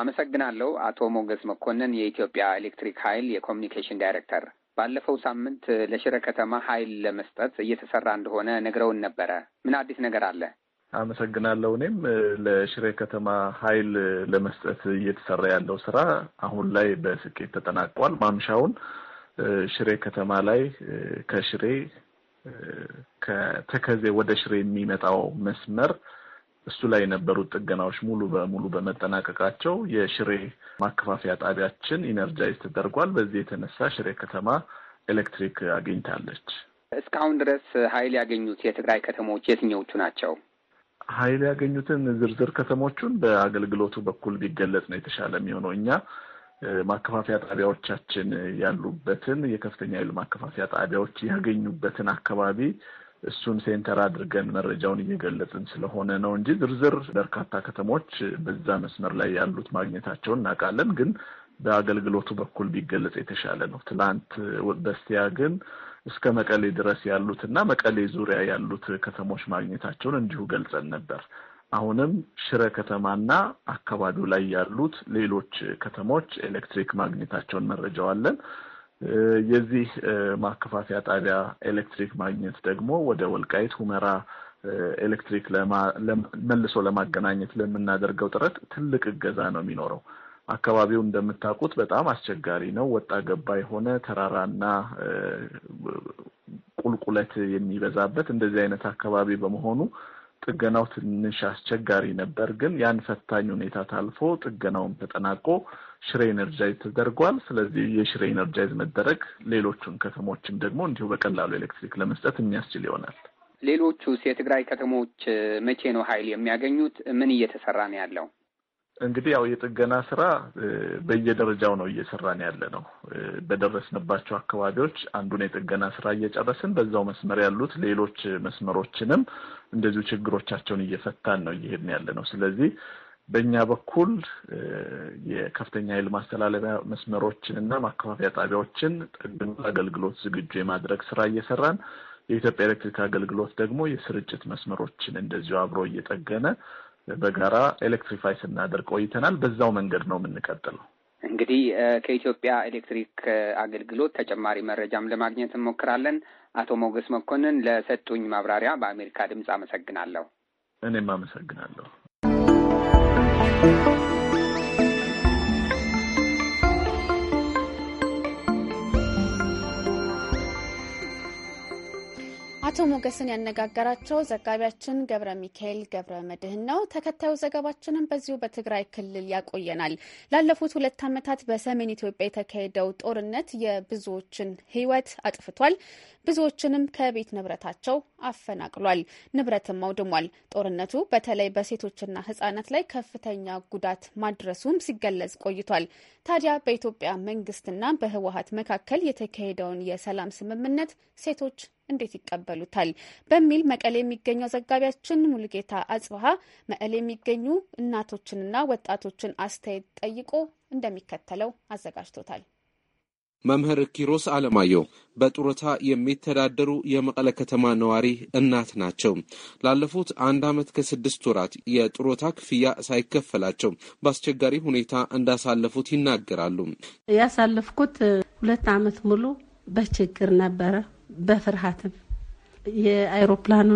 አመሰግናለሁ። አቶ ሞገስ መኮንን የኢትዮጵያ ኤሌክትሪክ ኃይል የኮሚኒኬሽን ዳይሬክተር። ባለፈው ሳምንት ለሽረ ከተማ ኃይል ለመስጠት እየተሰራ እንደሆነ ነግረውን ነበረ። ምን አዲስ ነገር አለ? አመሰግናለሁ። እኔም ለሽሬ ከተማ ኃይል ለመስጠት እየተሰራ ያለው ስራ አሁን ላይ በስኬት ተጠናቋል። ማምሻውን ሽሬ ከተማ ላይ ከሽሬ ከተከዜ ወደ ሽሬ የሚመጣው መስመር እሱ ላይ የነበሩት ጥገናዎች ሙሉ በሙሉ በመጠናቀቃቸው የሽሬ ማከፋፈያ ጣቢያችን ኢነርጃይዝ ተደርጓል። በዚህ የተነሳ ሽሬ ከተማ ኤሌክትሪክ አግኝታለች። እስካሁን ድረስ ኃይል ያገኙት የትግራይ ከተሞች የትኛዎቹ ናቸው? ኃይል ያገኙትን ዝርዝር ከተሞቹን በአገልግሎቱ በኩል ቢገለጽ ነው የተሻለ የሚሆነው። እኛ ማከፋፈያ ጣቢያዎቻችን ያሉበትን የከፍተኛ ኃይል ማከፋፈያ ጣቢያዎች ያገኙበትን አካባቢ እሱን ሴንተር አድርገን መረጃውን እየገለጽን ስለሆነ ነው እንጂ ዝርዝር በርካታ ከተሞች በዛ መስመር ላይ ያሉት ማግኘታቸውን እናውቃለን። ግን በአገልግሎቱ በኩል ቢገለጽ የተሻለ ነው። ትላንት በስቲያ ግን እስከ መቀሌ ድረስ ያሉት እና መቀሌ ዙሪያ ያሉት ከተሞች ማግኘታቸውን እንዲሁ ገልጸን ነበር። አሁንም ሽረ ከተማና አካባቢው ላይ ያሉት ሌሎች ከተሞች ኤሌክትሪክ ማግኘታቸውን መረጃው አለን። የዚህ ማከፋፈያ ጣቢያ ኤሌክትሪክ ማግኘት ደግሞ ወደ ወልቃይት ሁመራ ኤሌክትሪክ መልሶ ለማገናኘት ለምናደርገው ጥረት ትልቅ እገዛ ነው የሚኖረው። አካባቢው እንደምታውቁት በጣም አስቸጋሪ ነው። ወጣ ገባ የሆነ ተራራና ቁልቁለት የሚበዛበት እንደዚህ አይነት አካባቢ በመሆኑ ጥገናው ትንሽ አስቸጋሪ ነበር። ግን ያን ፈታኝ ሁኔታ ታልፎ ጥገናውን ተጠናቆ ሽሬ ኤነርጃይዝ ተደርጓል። ስለዚህ የሽሬ ኤነርጃይዝ መደረግ ሌሎቹን ከተሞችን ደግሞ እንዲሁ በቀላሉ ኤሌክትሪክ ለመስጠት የሚያስችል ይሆናል። ሌሎቹስ የትግራይ ከተሞች መቼ ነው ኃይል የሚያገኙት? ምን እየተሰራ ነው ያለው? እንግዲህ ያው የጥገና ስራ በየደረጃው ነው እየሰራን ያለ ነው። በደረስንባቸው አካባቢዎች አንዱን የጥገና ስራ እየጨረስን በዛው መስመር ያሉት ሌሎች መስመሮችንም እንደዚሁ ችግሮቻቸውን እየፈታን ነው እየሄድን ያለ ነው። ስለዚህ በእኛ በኩል የከፍተኛ ኃይል ማስተላለፊያ መስመሮችን እና ማከፋፊያ ጣቢያዎችን ጥገና አገልግሎት ዝግጁ የማድረግ ስራ እየሰራን የኢትዮጵያ ኤሌክትሪክ አገልግሎት ደግሞ የስርጭት መስመሮችን እንደዚሁ አብሮ እየጠገነ በጋራ ኤሌክትሪፋይ ስናደርግ ቆይተናል። በዛው መንገድ ነው የምንቀጥለው። እንግዲህ ከኢትዮጵያ ኤሌክትሪክ አገልግሎት ተጨማሪ መረጃም ለማግኘት እንሞክራለን። አቶ ሞገስ መኮንን ለሰጡኝ ማብራሪያ በአሜሪካ ድምፅ አመሰግናለሁ። እኔም አመሰግናለሁ። አቶ ሞገስን ያነጋገራቸው ዘጋቢያችን ገብረ ሚካኤል ገብረ መድህን ነው። ተከታዩ ዘገባችንም በዚሁ በትግራይ ክልል ያቆየናል። ላለፉት ሁለት ዓመታት በሰሜን ኢትዮጵያ የተካሄደው ጦርነት የብዙዎችን ሕይወት አጥፍቷል። ብዙዎችንም ከቤት ንብረታቸው አፈናቅሏል፣ ንብረትም አውድሟል። ጦርነቱ በተለይ በሴቶችና ሕጻናት ላይ ከፍተኛ ጉዳት ማድረሱም ሲገለጽ ቆይቷል። ታዲያ በኢትዮጵያ መንግስትና በህወሀት መካከል የተካሄደውን የሰላም ስምምነት ሴቶች እንዴት ይቀበሉታል? በሚል መቀሌ የሚገኘው ዘጋቢያችን ሙልጌታ አጽብሃ መቀሌ የሚገኙ እናቶችንና ወጣቶችን አስተያየት ጠይቆ እንደሚከተለው አዘጋጅቶታል። መምህር ኪሮስ አለማየሁ በጡረታ የሚተዳደሩ የመቀለ ከተማ ነዋሪ እናት ናቸው። ላለፉት አንድ ዓመት ከስድስት ወራት የጡረታ ክፍያ ሳይከፈላቸው በአስቸጋሪ ሁኔታ እንዳሳለፉት ይናገራሉ። ያሳለፍኩት ሁለት ዓመት ሙሉ በችግር ነበረ። በፍርሃትም የአይሮፕላኑ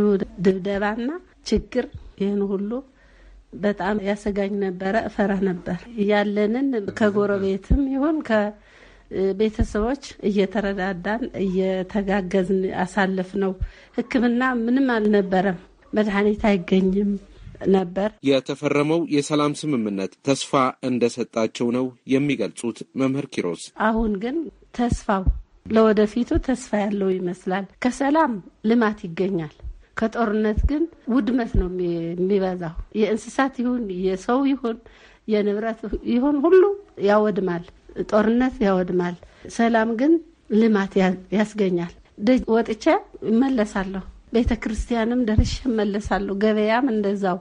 ድብደባና ችግር ይህን ሁሉ በጣም ያሰጋኝ ነበረ። እፈራ ነበር ያለንን ከጎረቤትም ይሁን ከቤተሰቦች እየተረዳዳን እየተጋገዝን አሳልፍ ነው። ሕክምና ምንም አልነበረም፣ መድኃኒት አይገኝም ነበር። የተፈረመው የሰላም ስምምነት ተስፋ እንደሰጣቸው ነው የሚገልጹት መምህር ኪሮስ። አሁን ግን ተስፋው ለወደፊቱ ተስፋ ያለው ይመስላል። ከሰላም ልማት ይገኛል። ከጦርነት ግን ውድመት ነው የሚበዛው። የእንስሳት ይሁን የሰው ይሁን የንብረት ይሁን ሁሉ ያወድማል። ጦርነት ያወድማል። ሰላም ግን ልማት ያስገኛል። ደጅ ወጥቼ እመለሳለሁ። ቤተ ክርስቲያንም ደርሼ እመለሳለሁ። ገበያም እንደዛው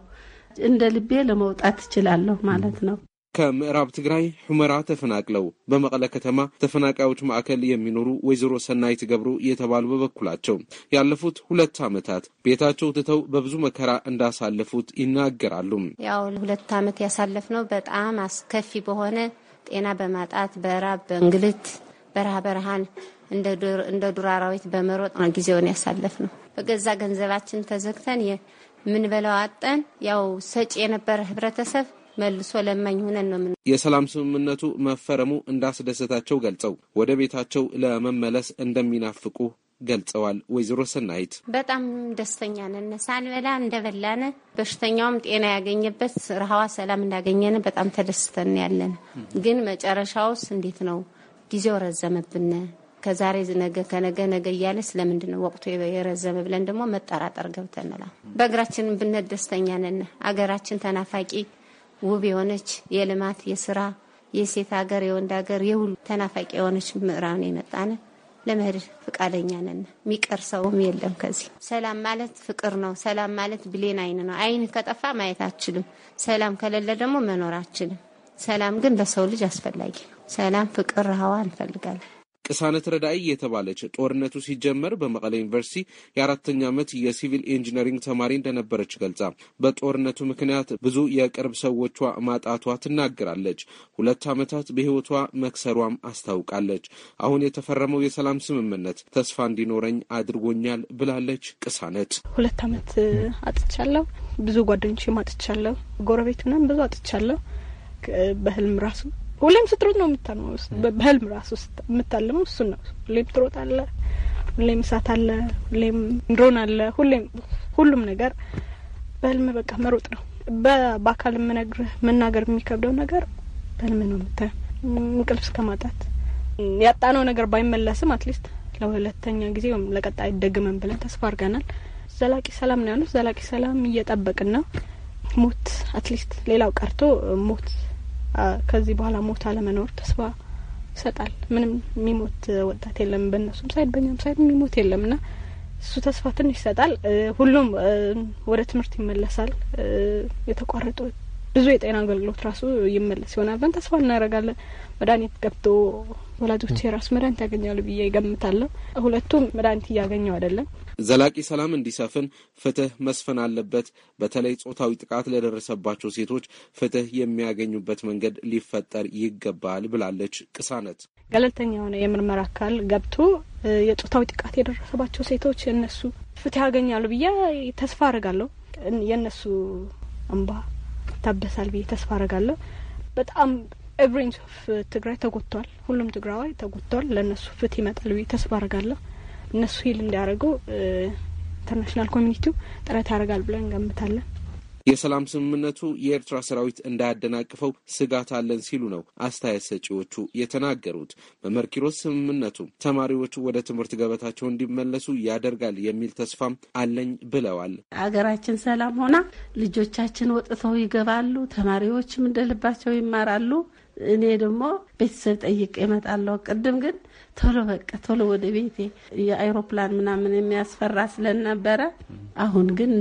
እንደ ልቤ ለመውጣት እችላለሁ ማለት ነው። ከምዕራብ ትግራይ ሑመራ ተፈናቅለው በመቐለ ከተማ ተፈናቃዮች ማዕከል የሚኖሩ ወይዘሮ ሰናይ ትገብሩ የተባሉ በበኩላቸው ያለፉት ሁለት ዓመታት ቤታቸው ትተው በብዙ መከራ እንዳሳለፉት ይናገራሉ። ያው ሁለት ዓመት ነው በጣም አስከፊ በሆነ ጤና በማጣት በራብ፣ በእንግልት በረሃ በረሃን እንደ ዱር አራዊት በመሮጥ ጊዜውን ያሳለፍ ነው። በገዛ ገንዘባችን ተዘግተን የምንበላው አጠን ያው ሰጪ የነበረ ህብረተሰብ መልሶ ለማኝ ሆነን ነው። የሰላም ስምምነቱ መፈረሙ እንዳስደሰታቸው ገልጸው ወደ ቤታቸው ለመመለስ እንደሚናፍቁ ገልጸዋል። ወይዘሮ ሰናይት በጣም ደስተኛ ነን። ሳንበላ እንደበላነ በሽተኛውም ጤና ያገኘበት ረሃዋ ሰላም እንዳገኘን በጣም ተደስተን ያለን። ግን መጨረሻውስ እንዴት ነው? ጊዜው ረዘመብን። ከዛሬ ነገ ከነገ ነገ እያለ ስለምንድን ነው ወቅቱ የረዘመ ብለን ደግሞ መጠራጠር ገብተንላ። በእግራችን ብነት ደስተኛ ነን። አገራችን ተናፋቂ ውብ የሆነች የልማት የስራ የሴት ሀገር የወንድ ሀገር የሁሉ ተናፋቂ የሆነች ምዕራብ ነው የመጣነ ለመሄድ ፍቃደኛ ነን። የሚቀር ሰውም የለም ከዚህ። ሰላም ማለት ፍቅር ነው። ሰላም ማለት ብሌን አይን ነው። አይን ከጠፋ ማየት አችልም። ሰላም ከሌለ ደግሞ መኖር አችልም። ሰላም ግን ለሰው ልጅ አስፈላጊ ነው። ሰላም፣ ፍቅር፣ ሀዋ እንፈልጋለን። ቅሳነት ረዳይ የተባለች ጦርነቱ ሲጀመር በመቀለ ዩኒቨርሲቲ የአራተኛ ዓመት የሲቪል ኢንጂነሪንግ ተማሪ እንደነበረች ገልጻ በጦርነቱ ምክንያት ብዙ የቅርብ ሰዎቿ ማጣቷ ትናገራለች። ሁለት ዓመታት በሕይወቷ መክሰሯም አስታውቃለች። አሁን የተፈረመው የሰላም ስምምነት ተስፋ እንዲኖረኝ አድርጎኛል ብላለች። ቅሳነት ሁለት ዓመት አጥቻለሁ። ብዙ ጓደኞች አጥቻለሁ። ጎረቤት ምናምን ብዙ አጥቻለሁ። በህልም ራሱ ሁሌም ስትሮጥ ነው የምታልመው። በህልም ራሱ የምታልመው እሱን ነው። ሁሌም ትሮጥ አለ፣ ሁሌም እሳት አለ፣ ሁሌም ድሮን አለ፣ ሁሌም ሁሉም ነገር በህልም በቃ መሮጥ ነው። በአካል የምነግርህ መናገር የሚከብደው ነገር በህልም ነው የምታየው። እንቅልፍ እስከ ማጣት ያጣነው ነገር ባይመለስም አትሊስት ለሁለተኛ ጊዜ ወይም ለቀጣይ አይደግመን ብለን ተስፋ አድርገናል። ዘላቂ ሰላም ነው ያሉት። ዘላቂ ሰላም እየጠበቅን ነው። ሞት አትሊስት ሌላው ቀርቶ ሞት ከዚህ በኋላ ሞታ ለመኖር ተስፋ ይሰጣል። ምንም የሚሞት ወጣት የለም፣ በእነሱም ሳይድ በእኛም ሳይድ የሚሞት የለም ና እሱ ተስፋ ትንሽ ይሰጣል። ሁሉም ወደ ትምህርት ይመለሳል። የተቋረጡ ብዙ የጤና አገልግሎት ራሱ ይመለስ ይሆናል ብለን ተስፋ እናደርጋለን። መድኃኒት ገብቶ ወላጆች የራሱ መድኃኒት ያገኛሉ ብዬ ይገምታለሁ። ሁለቱም መድኃኒት እያገኘው አይደለም። ዘላቂ ሰላም እንዲሰፍን ፍትህ መስፈን አለበት። በተለይ ጾታዊ ጥቃት ለደረሰባቸው ሴቶች ፍትህ የሚያገኙበት መንገድ ሊፈጠር ይገባል ብላለች ቅሳነት። ገለልተኛ የሆነ የምርመራ አካል ገብቶ የጾታዊ ጥቃት የደረሰባቸው ሴቶች የነሱ ፍትህ ያገኛሉ ብዬ ተስፋ አረጋለሁ። የእነሱ እንባ ይታበሳል ብዬ ተስፋ አረጋለሁ። በጣም ኤቭሬንጅ ኦፍ ትግራይ ተጎድቷል። ሁሉም ትግራዋይ ተጎድቷል። ለእነሱ ፍትህ ይመጣል ብዬ ተስፋ አርጋለሁ። እነሱ ሂል እንዲያደርገው ኢንተርናሽናል ኮሚኒቲው ጥረት ያደርጋል ብለን እንገምታለን። የሰላም ስምምነቱ የኤርትራ ሰራዊት እንዳያደናቅፈው ስጋት አለን ሲሉ ነው አስተያየት ሰጪዎቹ የተናገሩት። በመርኪሮስ ስምምነቱ ተማሪዎቹ ወደ ትምህርት ገበታቸው እንዲመለሱ ያደርጋል የሚል ተስፋም አለኝ ብለዋል። አገራችን ሰላም ሆና ልጆቻችን ወጥተው ይገባሉ፣ ተማሪዎችም እንደልባቸው ይማራሉ። እኔ ደግሞ ቤተሰብ ጠይቄ እመጣለሁ። ቅድም ግን ቶሎ በቃ ቶሎ ወደ ቤቴ የአይሮፕላን ምናምን የሚያስፈራ ስለነበረ አሁን ግን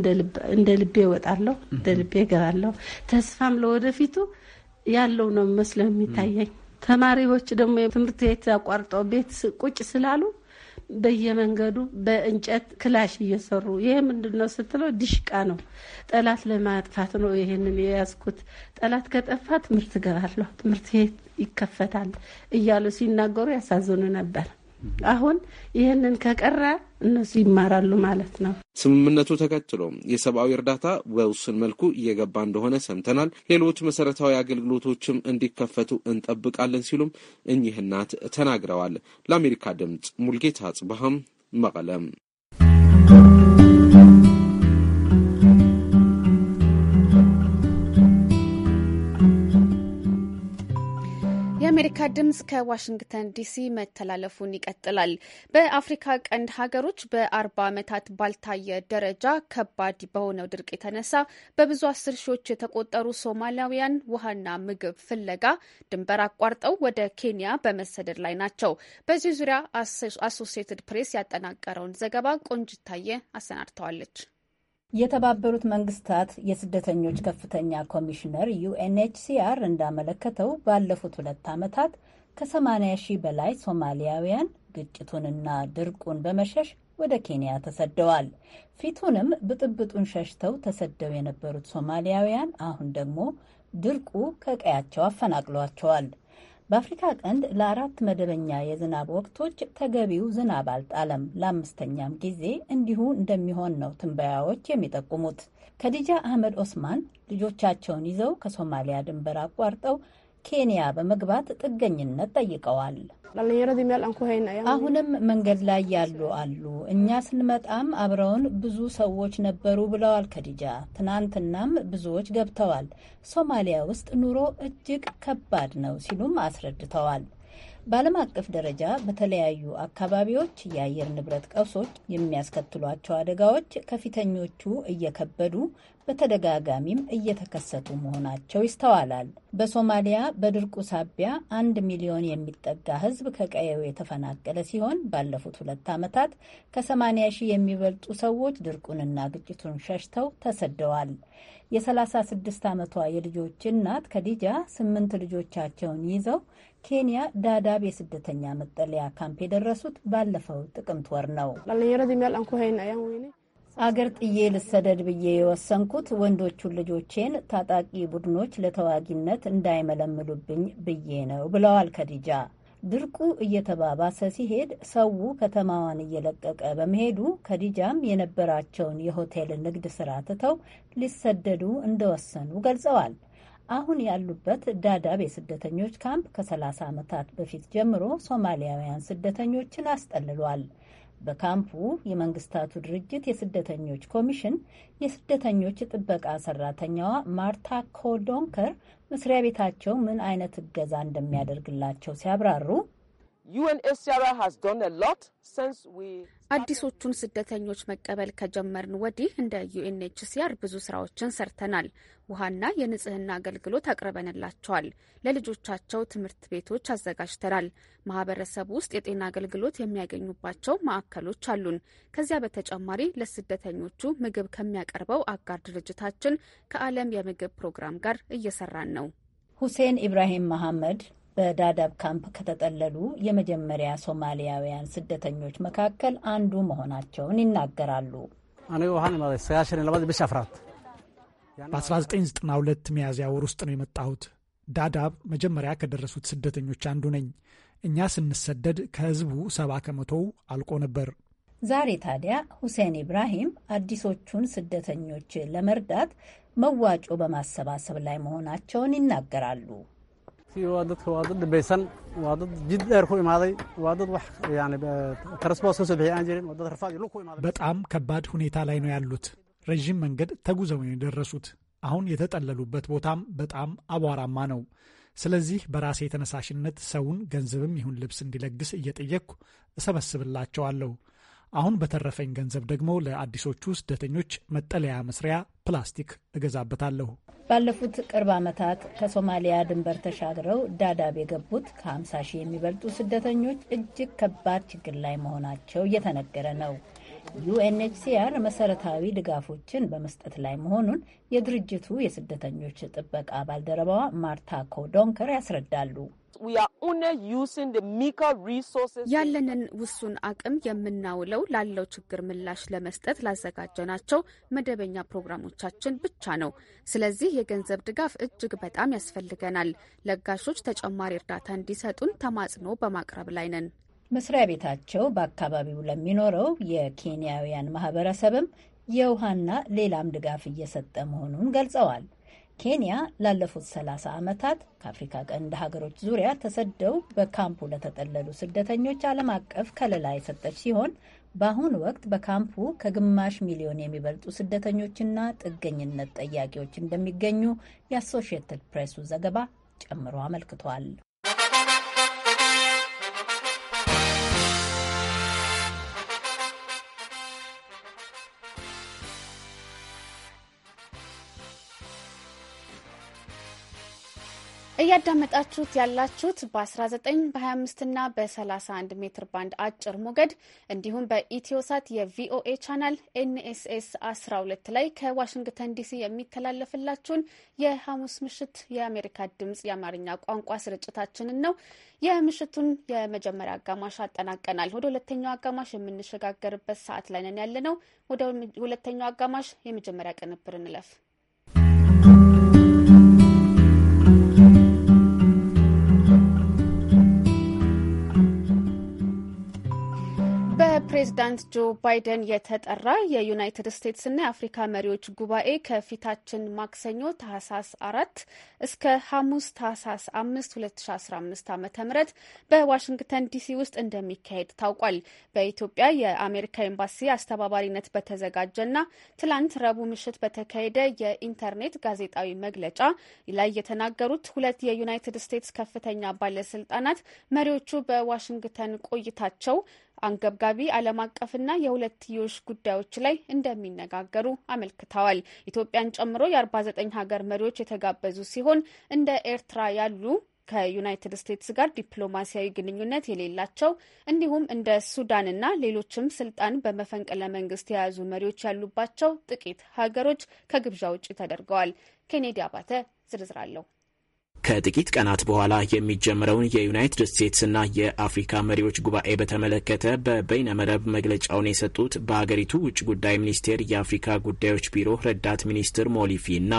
እንደ ልቤ እወጣለሁ፣ እንደ ልቤ እገባለሁ። ተስፋም ለወደፊቱ ያለው ነው መስለው የሚታየኝ። ተማሪዎች ደግሞ ትምህርት ቤት አቋርጠው ቤት ቁጭ ስላሉ በየመንገዱ በእንጨት ክላሽ እየሰሩ ይሄ ምንድን ነው ስትለው ዲሽቃ ነው። ጠላት ለማጥፋት ነው ይሄንን የያዝኩት። ጠላት ከጠፋ ትምህርት እገባለሁ፣ ትምህርት ይከፈታል እያሉ ሲናገሩ ያሳዝኑ ነበር። አሁን ይህንን ከቀረ እነሱ ይማራሉ ማለት ነው። ስምምነቱ ተከትሎ የሰብአዊ እርዳታ በውስን መልኩ እየገባ እንደሆነ ሰምተናል። ሌሎች መሰረታዊ አገልግሎቶችም እንዲከፈቱ እንጠብቃለን ሲሉም እኚህ እናት ተናግረዋል። ለአሜሪካ ድምፅ ሙልጌታ አጽባሃም መቀለም የአሜሪካ ድምፅ ከዋሽንግተን ዲሲ መተላለፉን ይቀጥላል። በአፍሪካ ቀንድ ሀገሮች በአርባ ዓመታት ባልታየ ደረጃ ከባድ በሆነው ድርቅ የተነሳ በብዙ አስር ሺዎች የተቆጠሩ ሶማሊያውያን ውሃና ምግብ ፍለጋ ድንበር አቋርጠው ወደ ኬንያ በመሰደድ ላይ ናቸው። በዚህ ዙሪያ አሶሲየትድ ፕሬስ ያጠናቀረውን ዘገባ ቆንጅታየ አሰናድተዋለች። የተባበሩት መንግስታት የስደተኞች ከፍተኛ ኮሚሽነር ዩኤንኤችሲአር እንዳመለከተው ባለፉት ሁለት ዓመታት ከ80 ሺህ በላይ ሶማሊያውያን ግጭቱንና ድርቁን በመሸሽ ወደ ኬንያ ተሰደዋል። ፊቱንም ብጥብጡን ሸሽተው ተሰደው የነበሩት ሶማሊያውያን አሁን ደግሞ ድርቁ ከቀያቸው አፈናቅሏቸዋል። በአፍሪካ ቀንድ ለአራት መደበኛ የዝናብ ወቅቶች ተገቢው ዝናብ አልጣለም። ለአምስተኛም ጊዜ እንዲሁ እንደሚሆን ነው ትንበያዎች የሚጠቁሙት። ከዲጃ አህመድ ኦስማን ልጆቻቸውን ይዘው ከሶማሊያ ድንበር አቋርጠው ኬንያ በመግባት ጥገኝነት ጠይቀዋል። አሁንም መንገድ ላይ ያሉ አሉ። እኛ ስንመጣም አብረውን ብዙ ሰዎች ነበሩ ብለዋል ከዲጃ። ትናንትናም ብዙዎች ገብተዋል። ሶማሊያ ውስጥ ኑሮ እጅግ ከባድ ነው ሲሉም አስረድተዋል። በዓለም አቀፍ ደረጃ በተለያዩ አካባቢዎች የአየር ንብረት ቀውሶች የሚያስከትሏቸው አደጋዎች ከፊተኞቹ እየከበዱ በተደጋጋሚም እየተከሰቱ መሆናቸው ይስተዋላል። በሶማሊያ በድርቁ ሳቢያ አንድ ሚሊዮን የሚጠጋ ሕዝብ ከቀየው የተፈናቀለ ሲሆን ባለፉት ሁለት ዓመታት ከ80 ሺህ የሚበልጡ ሰዎች ድርቁንና ግጭቱን ሸሽተው ተሰደዋል። የ36 ዓመቷ የልጆች እናት ከዲጃ ስምንት ልጆቻቸውን ይዘው ኬንያ ዳዳብ የስደተኛ መጠለያ ካምፕ የደረሱት ባለፈው ጥቅምት ወር ነው። አገር ጥዬ ልሰደድ ብዬ የወሰንኩት ወንዶቹን ልጆቼን ታጣቂ ቡድኖች ለተዋጊነት እንዳይመለምሉብኝ ብዬ ነው ብለዋል ከዲጃ። ድርቁ እየተባባሰ ሲሄድ ሰው ከተማዋን እየለቀቀ በመሄዱ ከዲጃም የነበራቸውን የሆቴል ንግድ ስራ ትተው ሊሰደዱ እንደወሰኑ ገልጸዋል። አሁን ያሉበት ዳዳብ የስደተኞች ካምፕ ከ30 ዓመታት በፊት ጀምሮ ሶማሊያውያን ስደተኞችን አስጠልሏል። በካምፑ የመንግስታቱ ድርጅት የስደተኞች ኮሚሽን የስደተኞች ጥበቃ ሰራተኛዋ ማርታ ኮዶንከር መስሪያ ቤታቸው ምን አይነት እገዛ እንደሚያደርግላቸው ሲያብራሩ አዲሶቹን ስደተኞች መቀበል ከጀመርን ወዲህ እንደ ዩኤንኤችሲአር ብዙ ስራዎችን ሰርተናል። ውሃና የንጽህና አገልግሎት አቅርበንላቸዋል። ለልጆቻቸው ትምህርት ቤቶች አዘጋጅተናል። ማህበረሰቡ ውስጥ የጤና አገልግሎት የሚያገኙባቸው ማዕከሎች አሉን። ከዚያ በተጨማሪ ለስደተኞቹ ምግብ ከሚያቀርበው አጋር ድርጅታችን ከዓለም የምግብ ፕሮግራም ጋር እየሰራን ነው። ሁሴን ኢብራሂም መሐመድ በዳዳብ ካምፕ ከተጠለሉ የመጀመሪያ ሶማሊያውያን ስደተኞች መካከል አንዱ መሆናቸውን ይናገራሉ። በ1992 ሚያዝያ ወር ውስጥ ነው የመጣሁት። ዳዳብ መጀመሪያ ከደረሱት ስደተኞች አንዱ ነኝ። እኛ ስንሰደድ ከህዝቡ ሰባ ከመቶው አልቆ ነበር። ዛሬ ታዲያ ሁሴን ኢብራሂም አዲሶቹን ስደተኞች ለመርዳት መዋጮ በማሰባሰብ ላይ መሆናቸውን ይናገራሉ። runtii waa dadka waa dad dhibaysan waa dad jid dheer ku imaaday waa dad wax yani transport aan jirin waa dad iyo lug ku በጣም ከባድ ሁኔታ ላይ ነው ያሉት። ረዥም መንገድ ተጉዘው ነው የደረሱት። አሁን የተጠለሉበት ቦታም በጣም አቧራማ ነው። ስለዚህ በራሴ የተነሳሽነት ሰውን ገንዘብም ይሁን ልብስ እንዲለግስ እየጠየቅኩ እሰበስብላቸዋለሁ። አሁን በተረፈኝ ገንዘብ ደግሞ ለአዲሶቹ ስደተኞች መጠለያ መስሪያ ፕላስቲክ እገዛበታለሁ። ባለፉት ቅርብ ዓመታት ከሶማሊያ ድንበር ተሻግረው ዳዳብ የገቡት ከ50 ሺህ የሚበልጡ ስደተኞች እጅግ ከባድ ችግር ላይ መሆናቸው እየተነገረ ነው። ዩኤንኤችሲአር መሰረታዊ ድጋፎችን በመስጠት ላይ መሆኑን የድርጅቱ የስደተኞች ጥበቃ ባልደረባዋ ማርታ ኮዶንከር ያስረዳሉ። ያለንን ውሱን አቅም የምናውለው ላለው ችግር ምላሽ ለመስጠት ላዘጋጀናቸው መደበኛ ፕሮግራሞቻችን ብቻ ነው። ስለዚህ የገንዘብ ድጋፍ እጅግ በጣም ያስፈልገናል። ለጋሾች ተጨማሪ እርዳታ እንዲሰጡን ተማጽኖ በማቅረብ ላይ ነን። መስሪያ ቤታቸው በአካባቢው ለሚኖረው የኬንያውያን ማህበረሰብም የውሃና ሌላም ድጋፍ እየሰጠ መሆኑን ገልጸዋል። ኬንያ ላለፉት 30 ዓመታት ከአፍሪካ ቀንድ ሀገሮች ዙሪያ ተሰደው በካምፑ ለተጠለሉ ስደተኞች ዓለም አቀፍ ከለላ የሰጠች ሲሆን በአሁኑ ወቅት በካምፑ ከግማሽ ሚሊዮን የሚበልጡ ስደተኞችና ጥገኝነት ጠያቂዎች እንደሚገኙ የአሶሺየትድ ፕሬሱ ዘገባ ጨምሮ አመልክቷል። እያዳመጣችሁት ያላችሁት በ19 በ25 እና በ31 ሜትር ባንድ አጭር ሞገድ እንዲሁም በኢትዮሳት የቪኦኤ ቻናል ኤንኤስኤስ 12 ላይ ከዋሽንግተን ዲሲ የሚተላለፍላችሁን የሐሙስ ምሽት የአሜሪካ ድምጽ የአማርኛ ቋንቋ ስርጭታችንን ነው። የምሽቱን የመጀመሪያ አጋማሽ አጠናቀናል። ወደ ሁለተኛው አጋማሽ የምንሸጋገርበት ሰዓት ላይ ነን ያለነው። ወደ ሁለተኛው አጋማሽ የመጀመሪያ ቅንብር እንለፍ። ፕሬዚዳንት ጆ ባይደን የተጠራ የዩናይትድ ስቴትስና የአፍሪካ መሪዎች ጉባኤ ከፊታችን ማክሰኞ ታህሳስ አራት እስከ ሐሙስ ታህሳስ አምስት ሁለት ሺ አስራ አምስት ዓመተ ምህረት በዋሽንግተን ዲሲ ውስጥ እንደሚካሄድ ታውቋል። በኢትዮጵያ የአሜሪካ ኤምባሲ አስተባባሪነት በተዘጋጀና ትላንት ረቡዕ ምሽት በተካሄደ የኢንተርኔት ጋዜጣዊ መግለጫ ላይ የተናገሩት ሁለት የዩናይትድ ስቴትስ ከፍተኛ ባለስልጣናት መሪዎቹ በዋሽንግተን ቆይታቸው አንገብጋቢ ዓለም አቀፍና የሁለትዮሽ ጉዳዮች ላይ እንደሚነጋገሩ አመልክተዋል። ኢትዮጵያን ጨምሮ የ49 ሀገር መሪዎች የተጋበዙ ሲሆን እንደ ኤርትራ ያሉ ከዩናይትድ ስቴትስ ጋር ዲፕሎማሲያዊ ግንኙነት የሌላቸው እንዲሁም እንደ ሱዳንና ሌሎችም ስልጣን በመፈንቅለ መንግስት የያዙ መሪዎች ያሉባቸው ጥቂት ሀገሮች ከግብዣ ውጭ ተደርገዋል። ኬኔዲ አባተ ዝርዝር አለው። ከጥቂት ቀናት በኋላ የሚጀምረውን የዩናይትድ ስቴትስና የአፍሪካ መሪዎች ጉባኤ በተመለከተ በበይነመረብ መግለጫውን የሰጡት በሀገሪቱ ውጭ ጉዳይ ሚኒስቴር የአፍሪካ ጉዳዮች ቢሮ ረዳት ሚኒስትር ሞሊፊ እና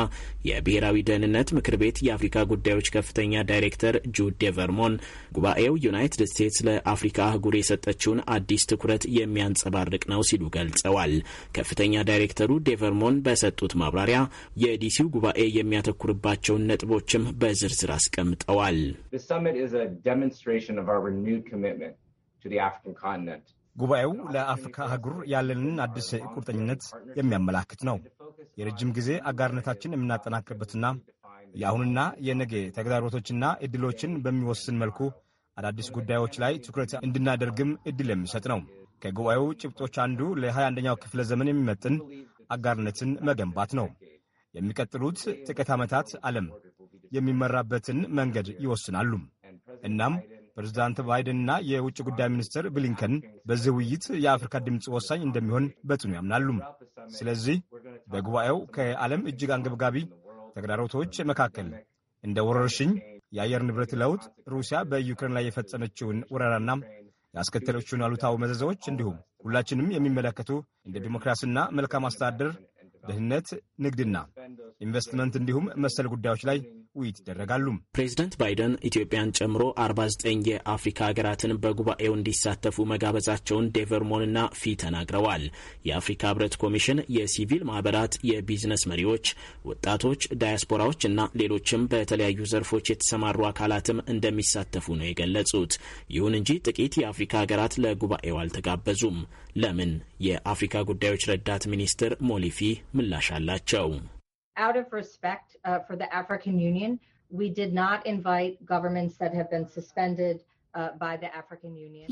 የብሔራዊ ደህንነት ምክር ቤት የአፍሪካ ጉዳዮች ከፍተኛ ዳይሬክተር ጁድ ዴቨርሞን ጉባኤው ዩናይትድ ስቴትስ ለአፍሪካ አህጉር የሰጠችውን አዲስ ትኩረት የሚያንጸባርቅ ነው ሲሉ ገልጸዋል። ከፍተኛ ዳይሬክተሩ ዴቨርሞን በሰጡት ማብራሪያ የዲሲው ጉባኤ የሚያተኩርባቸውን ነጥቦችም በዝር ዝርዝር አስቀምጠዋል። ጉባኤው ለአፍሪካ አህጉር ያለንን አዲስ ቁርጠኝነት የሚያመላክት ነው። የረጅም ጊዜ አጋርነታችን የምናጠናክርበትና የአሁንና የነገ ተግዳሮቶችና እድሎችን በሚወስን መልኩ አዳዲስ ጉዳዮች ላይ ትኩረት እንድናደርግም እድል የሚሰጥ ነው። ከጉባኤው ጭብጦች አንዱ ለ21ኛው ክፍለ ዘመን የሚመጥን አጋርነትን መገንባት ነው። የሚቀጥሉት ጥቂት ዓመታት ዓለም የሚመራበትን መንገድ ይወስናሉ። እናም ፕሬዚዳንት ባይደንና የውጭ ጉዳይ ሚኒስትር ብሊንከን በዚህ ውይይት የአፍሪካ ድምፅ ወሳኝ እንደሚሆን በጽኑ ያምናሉ። ስለዚህ በጉባኤው ከዓለም እጅግ አንገብጋቢ ተግዳሮቶች መካከል እንደ ወረርሽኝ፣ የአየር ንብረት ለውጥ፣ ሩሲያ በዩክሬን ላይ የፈጸመችውን ወረራና ያስከተለችውን አሉታዊ መዘዛዎች እንዲሁም ሁላችንም የሚመለከቱ እንደ ዲሞክራሲና መልካም አስተዳደር ደህንነት፣ ንግድና ኢንቨስትመንት እንዲሁም መሰል ጉዳዮች ላይ ውይይት ይደረጋሉ። ፕሬዚደንት ባይደን ኢትዮጵያን ጨምሮ 49 የአፍሪካ ሀገራትን በጉባኤው እንዲሳተፉ መጋበዛቸውን ዴቨርሞንና ፊ ተናግረዋል። የአፍሪካ ህብረት ኮሚሽን የሲቪል ማህበራት፣ የቢዝነስ መሪዎች፣ ወጣቶች፣ ዳያስፖራዎች እና ሌሎችም በተለያዩ ዘርፎች የተሰማሩ አካላትም እንደሚሳተፉ ነው የገለጹት። ይሁን እንጂ ጥቂት የአፍሪካ ሀገራት ለጉባኤው አልተጋበዙም። ለምን? የአፍሪካ ጉዳዮች ረዳት ሚኒስትር ሞሊፊ Out of respect uh, for the African Union, we did not invite governments that have been suspended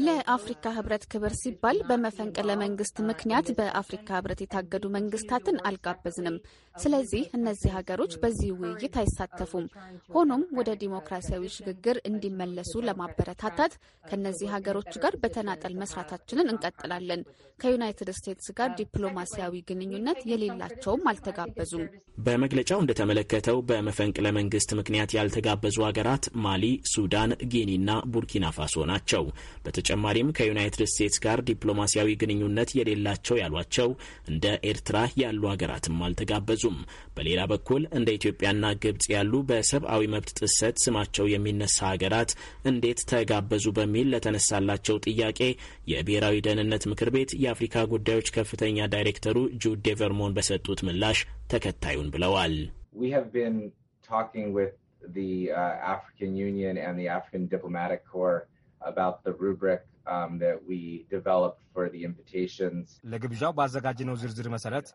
ለአፍሪካ ህብረት ክብር ሲባል በመፈንቅለ መንግስት ምክንያት በአፍሪካ ህብረት የታገዱ መንግስታትን አልጋበዝንም። ስለዚህ እነዚህ ሀገሮች በዚህ ውይይት አይሳተፉም። ሆኖም ወደ ዲሞክራሲያዊ ሽግግር እንዲመለሱ ለማበረታታት ከእነዚህ ሀገሮች ጋር በተናጠል መስራታችንን እንቀጥላለን። ከዩናይትድ ስቴትስ ጋር ዲፕሎማሲያዊ ግንኙነት የሌላቸውም አልተጋበዙም። በመግለጫው እንደተመለከተው በመፈንቅለ መንግስት ምክንያት ያልተጋበዙ ሀገራት ማሊ፣ ሱዳን፣ ጊኒና ቡርኪና ፋሶ ናቸው። በተጨማሪም ከዩናይትድ ስቴትስ ጋር ዲፕሎማሲያዊ ግንኙነት የሌላቸው ያሏቸው እንደ ኤርትራ ያሉ ሀገራትም አልተጋበዙም። በሌላ በኩል እንደ ኢትዮጵያና ግብጽ ያሉ በሰብአዊ መብት ጥሰት ስማቸው የሚነሳ ሀገራት እንዴት ተጋበዙ በሚል ለተነሳላቸው ጥያቄ የብሔራዊ ደህንነት ምክር ቤት የአፍሪካ ጉዳዮች ከፍተኛ ዳይሬክተሩ ጁድ ዴቨርሞን በሰጡት ምላሽ ተከታዩን ብለዋል። We have been talking with the uh, African Union and the African Diplomatic Corps about the rubric um, that we developed for the invitations. ለግብዣው ባዘጋጀነው ዝርዝር መሰረት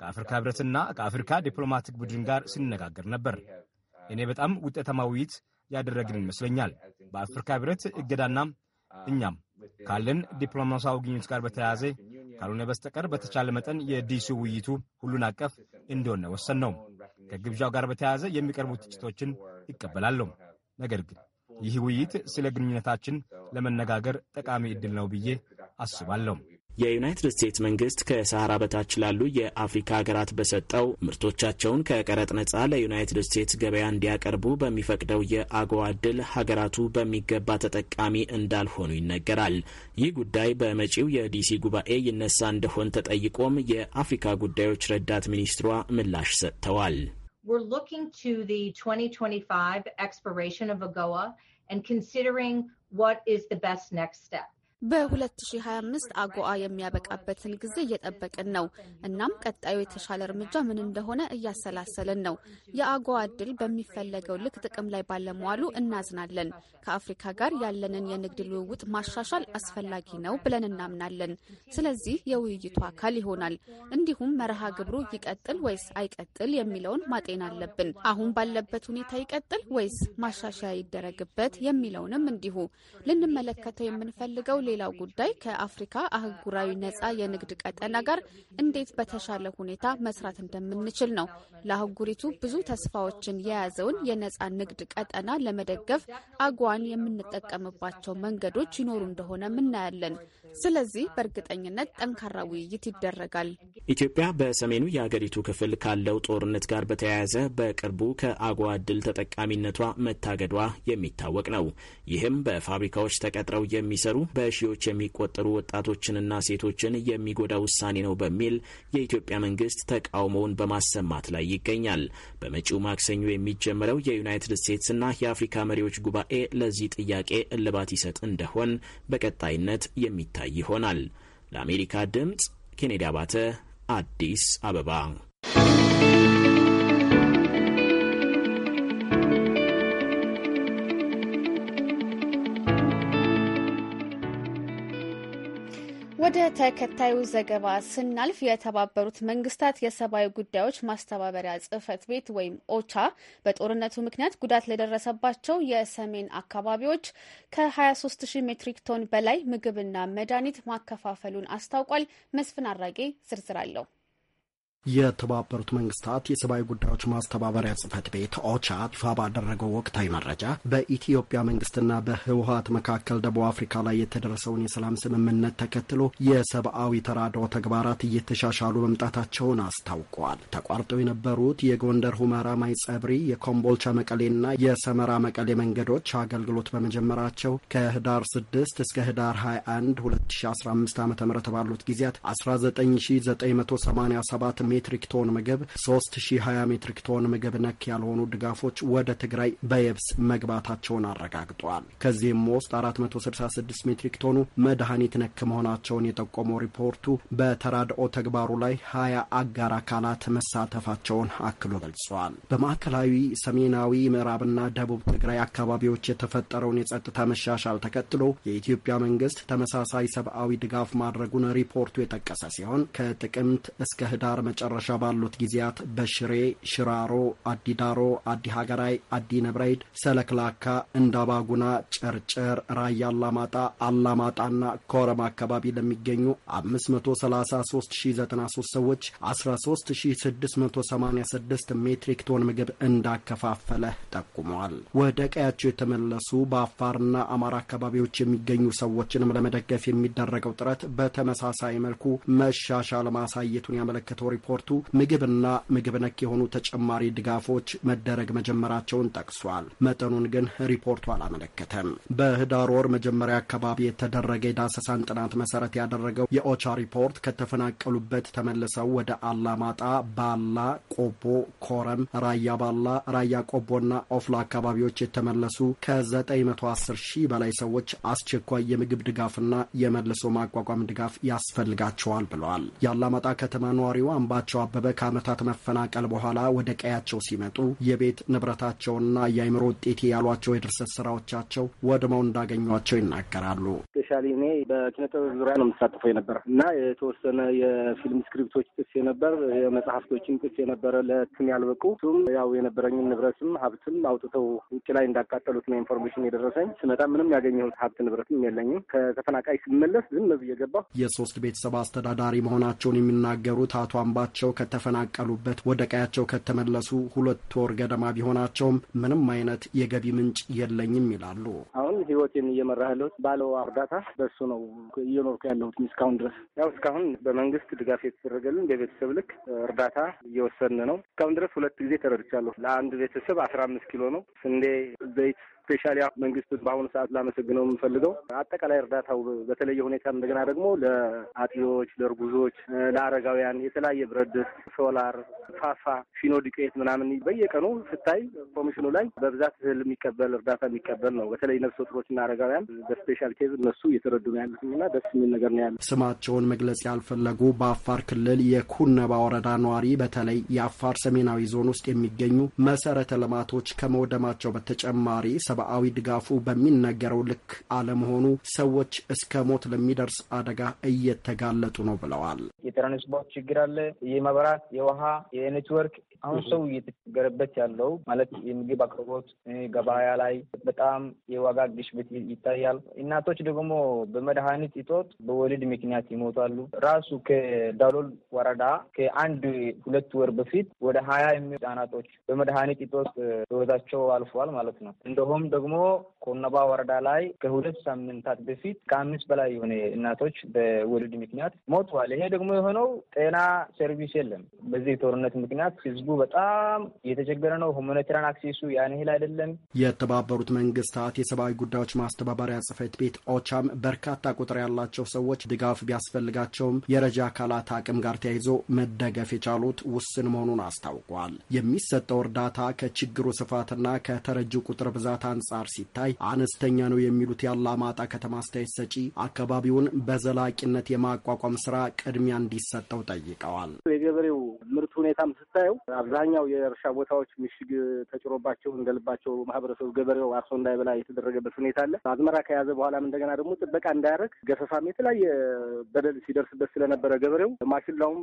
ከአፍሪካ ህብረትና ከአፍሪካ ዲፕሎማቲክ ቡድን ጋር ሲነጋገር ነበር። እኔ uh, በጣም ውጤታማ ውይይት ያደረግን uh, ይመስለኛል። በአፍሪካ ህብረት uh, እገዳና እኛም ካለን ዲፕሎማሲያዊ ግንኙነት ጋር በተያያዘ ካልሆነ በስተቀር በተቻለ መጠን የዲሲ ውይይቱ ሁሉን አቀፍ እንደሆነ ወሰን ነው። ከግብዣው ጋር በተያያዘ የሚቀርቡ ትችቶችን ይቀበላለሁ። ነገር ግን ይህ ውይይት ስለ ግንኙነታችን ለመነጋገር ጠቃሚ እድል ነው ብዬ አስባለሁ። የዩናይትድ ስቴትስ መንግስት ከሰሃራ በታች ላሉ የአፍሪካ ሀገራት በሰጠው ምርቶቻቸውን ከቀረጥ ነጻ ለዩናይትድ ስቴትስ ገበያ እንዲያቀርቡ በሚፈቅደው የአጎዋ እድል ሀገራቱ በሚገባ ተጠቃሚ እንዳልሆኑ ይነገራል። ይህ ጉዳይ በመጪው የዲሲ ጉባኤ ይነሳ እንደሆን ተጠይቆም የአፍሪካ ጉዳዮች ረዳት ሚኒስትሯ ምላሽ ሰጥተዋል። we're looking to the 2025 expiration of AGOA and considering what is the best next step. በ2025 አጎአ የሚያበቃበትን ጊዜ እየጠበቅን ነው። እናም ቀጣዩ የተሻለ እርምጃ ምን እንደሆነ እያሰላሰልን ነው። የአጎአ እድል በሚፈለገው ልክ ጥቅም ላይ ባለመዋሉ እናዝናለን። ከአፍሪካ ጋር ያለንን የንግድ ልውውጥ ማሻሻል አስፈላጊ ነው ብለን እናምናለን። ስለዚህ የውይይቱ አካል ይሆናል። እንዲሁም መርሃ ግብሩ ይቀጥል ወይስ አይቀጥል የሚለውን ማጤን አለብን። አሁን ባለበት ሁኔታ ይቀጥል ወይስ ማሻሻያ ይደረግበት የሚለውንም እንዲሁ ልንመለከተው የምንፈልገው ሌላው ጉዳይ ከአፍሪካ አህጉራዊ ነጻ የንግድ ቀጠና ጋር እንዴት በተሻለ ሁኔታ መስራት እንደምንችል ነው። ለአህጉሪቱ ብዙ ተስፋዎችን የያዘውን የነጻ ንግድ ቀጠና ለመደገፍ አጓን የምንጠቀምባቸው መንገዶች ይኖሩ እንደሆነ እናያለን። ስለዚህ በእርግጠኝነት ጠንካራ ውይይት ይደረጋል። ኢትዮጵያ በሰሜኑ የአገሪቱ ክፍል ካለው ጦርነት ጋር በተያያዘ በቅርቡ ከአጓ ድል ተጠቃሚነቷ መታገዷ የሚታወቅ ነው። ይህም በፋብሪካዎች ተቀጥረው የሚሰሩ በሺዎች የሚቆጠሩ ወጣቶችንና ሴቶችን የሚጎዳ ውሳኔ ነው በሚል የኢትዮጵያ መንግስት ተቃውሞውን በማሰማት ላይ ይገኛል። በመጪው ማክሰኞ የሚጀምረው የዩናይትድ ስቴትስና የአፍሪካ መሪዎች ጉባኤ ለዚህ ጥያቄ እልባት ይሰጥ እንደሆን በቀጣይነት የሚታ የሚታይ ይሆናል። ለአሜሪካ ድምፅ ኬኔዲ አባተ አዲስ አበባ ወደ ተከታዩ ዘገባ ስናልፍ የተባበሩት መንግስታት የሰብአዊ ጉዳዮች ማስተባበሪያ ጽህፈት ቤት ወይም ኦቻ በጦርነቱ ምክንያት ጉዳት ለደረሰባቸው የሰሜን አካባቢዎች ከ23000 ሜትሪክ ቶን በላይ ምግብና መድኃኒት ማከፋፈሉን አስታውቋል። መስፍን አራጌ ዝርዝር አለው። የተባበሩት መንግስታት የሰብአዊ ጉዳዮች ማስተባበሪያ ጽህፈት ቤት ኦቻ ይፋ ባደረገው ወቅታዊ መረጃ በኢትዮጵያ መንግስትና በህወሀት መካከል ደቡብ አፍሪካ ላይ የተደረሰውን የሰላም ስምምነት ተከትሎ የሰብአዊ ተራድኦ ተግባራት እየተሻሻሉ መምጣታቸውን አስታውቋል። ተቋርጠው የነበሩት የጎንደር ሁመራ፣ ማይጸብሪ፣ የኮምቦልቻ መቀሌና የሰመራ መቀሌ መንገዶች አገልግሎት በመጀመራቸው ከህዳር 6 እስከ ህዳር 21 2015 ዓ ም ባሉት ጊዜያት 19987 ሜትሪክ ቶን ምግብ፣ 3020 ሜትሪክ ቶን ምግብ ነክ ያልሆኑ ድጋፎች ወደ ትግራይ በየብስ መግባታቸውን አረጋግጧል። ከዚህም ውስጥ 466 ሜትሪክ ቶኑ መድኃኒት ነክ መሆናቸውን የጠቆመው ሪፖርቱ በተራድኦ ተግባሩ ላይ ሀያ አጋር አካላት መሳተፋቸውን አክሎ ገልጿል። በማዕከላዊ ሰሜናዊ ምዕራብና ደቡብ ትግራይ አካባቢዎች የተፈጠረውን የጸጥታ መሻሻል ተከትሎ የኢትዮጵያ መንግስት ተመሳሳይ ሰብአዊ ድጋፍ ማድረጉን ሪፖርቱ የጠቀሰ ሲሆን ከጥቅምት እስከ ህዳር መ መጨረሻ ባሉት ጊዜያት በሽሬ፣ ሽራሮ፣ አዲዳሮ፣ አዲ ሀገራይ፣ አዲ ነብራይድ፣ ሰለክላካ፣ እንዳባጉና፣ ጨርጨር፣ ራያ አላማጣ፣ አላማጣና ኮረማ አካባቢ ለሚገኙ 533093 ሰዎች 13686 ሜትሪክ ቶን ምግብ እንዳከፋፈለ ጠቁመዋል። ወደ ቀያቸው የተመለሱ በአፋርና አማራ አካባቢዎች የሚገኙ ሰዎችንም ለመደገፍ የሚደረገው ጥረት በተመሳሳይ መልኩ መሻሻል ማሳየቱን ያመለከተው ሪፖርት ትራንስፖርቱ፣ ምግብና ምግብ ነክ የሆኑ ተጨማሪ ድጋፎች መደረግ መጀመራቸውን ጠቅሷል። መጠኑን ግን ሪፖርቱ አላመለከተም። በህዳር ወር መጀመሪያ አካባቢ የተደረገ የዳሰሳን ጥናት መሰረት ያደረገው የኦቻ ሪፖርት ከተፈናቀሉበት ተመልሰው ወደ አላማጣ፣ ባላ፣ ቆቦ፣ ኮረም፣ ራያ ባላ፣ ራያ ቆቦና ኦፍላ አካባቢዎች የተመለሱ ከ910 ሺህ በላይ ሰዎች አስቸኳይ የምግብ ድጋፍና የመልሶ ማቋቋም ድጋፍ ያስፈልጋቸዋል ብለዋል። የአላማጣ ከተማ ነዋሪው አምባ ጌታቸው አበበ ከዓመታት መፈናቀል በኋላ ወደ ቀያቸው ሲመጡ የቤት ንብረታቸውና የአይምሮ ውጤቴ ያሏቸው የድርሰት ስራዎቻቸው ወድመው እንዳገኟቸው ይናገራሉ። ስፔሻሊ እኔ በኪነጥበብ ዙሪያ ነው የምሳተፈው የነበረ እና የተወሰነ የፊልም ስክሪፕቶች ጥስ የነበር የመጽሐፍቶችን ጽፌ የነበረ ለእትም ያልበቁ እሱም ያው የነበረኝን ንብረትም ሀብትም አውጥተው ውጭ ላይ እንዳቃጠሉት ነው ኢንፎርሜሽን የደረሰኝ። ስመጣ ምንም ያገኘሁት ሀብት ንብረትም የለኝም። ከተፈናቃይ ስመለስ ዝም ብዬ ገባሁ። የሶስት ቤተሰብ አስተዳዳሪ መሆናቸውን የሚናገሩት አቶ አምባ ቤታቸው ከተፈናቀሉበት ወደ ቀያቸው ከተመለሱ ሁለት ወር ገደማ ቢሆናቸውም ምንም አይነት የገቢ ምንጭ የለኝም ይላሉ። አሁን ህይወቴን እየመራ ያለሁት ባለው እርዳታ በሱ ነው እየኖርኩ ያለሁት እስካሁን ድረስ። ያው እስካሁን በመንግስት ድጋፍ የተደረገልን በቤተሰብ ልክ እርዳታ እየወሰን ነው። እስካሁን ድረስ ሁለት ጊዜ ተረድቻለሁ። ለአንድ ቤተሰብ አስራ አምስት ኪሎ ነው ስንዴ፣ ዘይት ስፔሻሊ መንግስት በአሁኑ ሰዓት ላመሰግነው የምንፈልገው አጠቃላይ እርዳታው በተለየ ሁኔታ እንደገና ደግሞ ለአጥዎች፣ ለእርጉዞች፣ ለአረጋውያን የተለያየ ብረት ድስት፣ ሶላር፣ ፋፋ፣ ፊኖ ዱቄት ምናምን በየቀኑ ስታይ ኮሚሽኑ ላይ በብዛት እህል የሚቀበል እርዳታ የሚቀበል ነው። በተለይ ነፍሰ ጡሮችና አረጋውያን በስፔሻል ኬዝ እነሱ እየተረዱ ነው ያለትና ደስ የሚል ነገር ነው ያለ። ስማቸውን መግለጽ ያልፈለጉ በአፋር ክልል የኩነባ ወረዳ ነዋሪ በተለይ የአፋር ሰሜናዊ ዞን ውስጥ የሚገኙ መሰረተ ልማቶች ከመውደማቸው በተጨማሪ ሰ ሰብአዊ ድጋፉ በሚነገረው ልክ አለመሆኑ ሰዎች እስከ ሞት ለሚደርስ አደጋ እየተጋለጡ ነው ብለዋል። የትራንስፖርት ችግር አለ፣ የመብራት፣ የውሃ፣ የኔትወርክ አሁን ሰው እየተቸገረበት ያለው ማለት የምግብ አቅርቦት ገበያ ላይ በጣም የዋጋ ግሽበት ይታያል። እናቶች ደግሞ በመድኃኒት እጦት በወሊድ ምክንያት ይሞታሉ። ራሱ ከዳሎል ወረዳ ከአንድ ሁለት ወር በፊት ወደ ሀያ የሚሆኑ ህጻናቶች በመድኃኒት እጦት ህይወታቸው አልፏል ማለት ነው። እንደውም እንዲሁም ደግሞ ኮነባ ወረዳ ላይ ከሁለት ሳምንታት በፊት ከአምስት በላይ የሆነ እናቶች በወሊድ ምክንያት ሞተዋል። ይሄ ደግሞ የሆነው ጤና ሰርቪስ የለም። በዚህ ጦርነት ምክንያት ህዝቡ በጣም እየተቸገረ ነው። ሁማኒታሪያን አክሴሱ ያን ያህል አይደለም። የተባበሩት መንግስታት የሰብአዊ ጉዳዮች ማስተባበሪያ ጽህፈት ቤት ኦቻም በርካታ ቁጥር ያላቸው ሰዎች ድጋፍ ቢያስፈልጋቸውም የረጃ አካላት አቅም ጋር ተያይዞ መደገፍ የቻሉት ውስን መሆኑን አስታውቋል። የሚሰጠው እርዳታ ከችግሩ ስፋትና ከተረጂው ቁጥር ብዛት አንጻር ሲታይ አነስተኛ ነው የሚሉት የአላማጣ ከተማ አስተያየት ሰጪ አካባቢውን በዘላቂነት የማቋቋም ስራ ቅድሚያ እንዲሰጠው ጠይቀዋል። ሁኔታም ስታየው አብዛኛው የእርሻ ቦታዎች ምሽግ ተጭሮባቸው እንደልባቸው ማህበረሰቡ ገበሬው አርሶ እንዳይበላ የተደረገበት ሁኔታ አለ። አዝመራ ከያዘ በኋላም እንደገና ደግሞ ጥበቃ እንዳያደርግ ገፈፋም የተለያየ በደል ሲደርስበት ስለነበረ ገበሬው ማሽላውም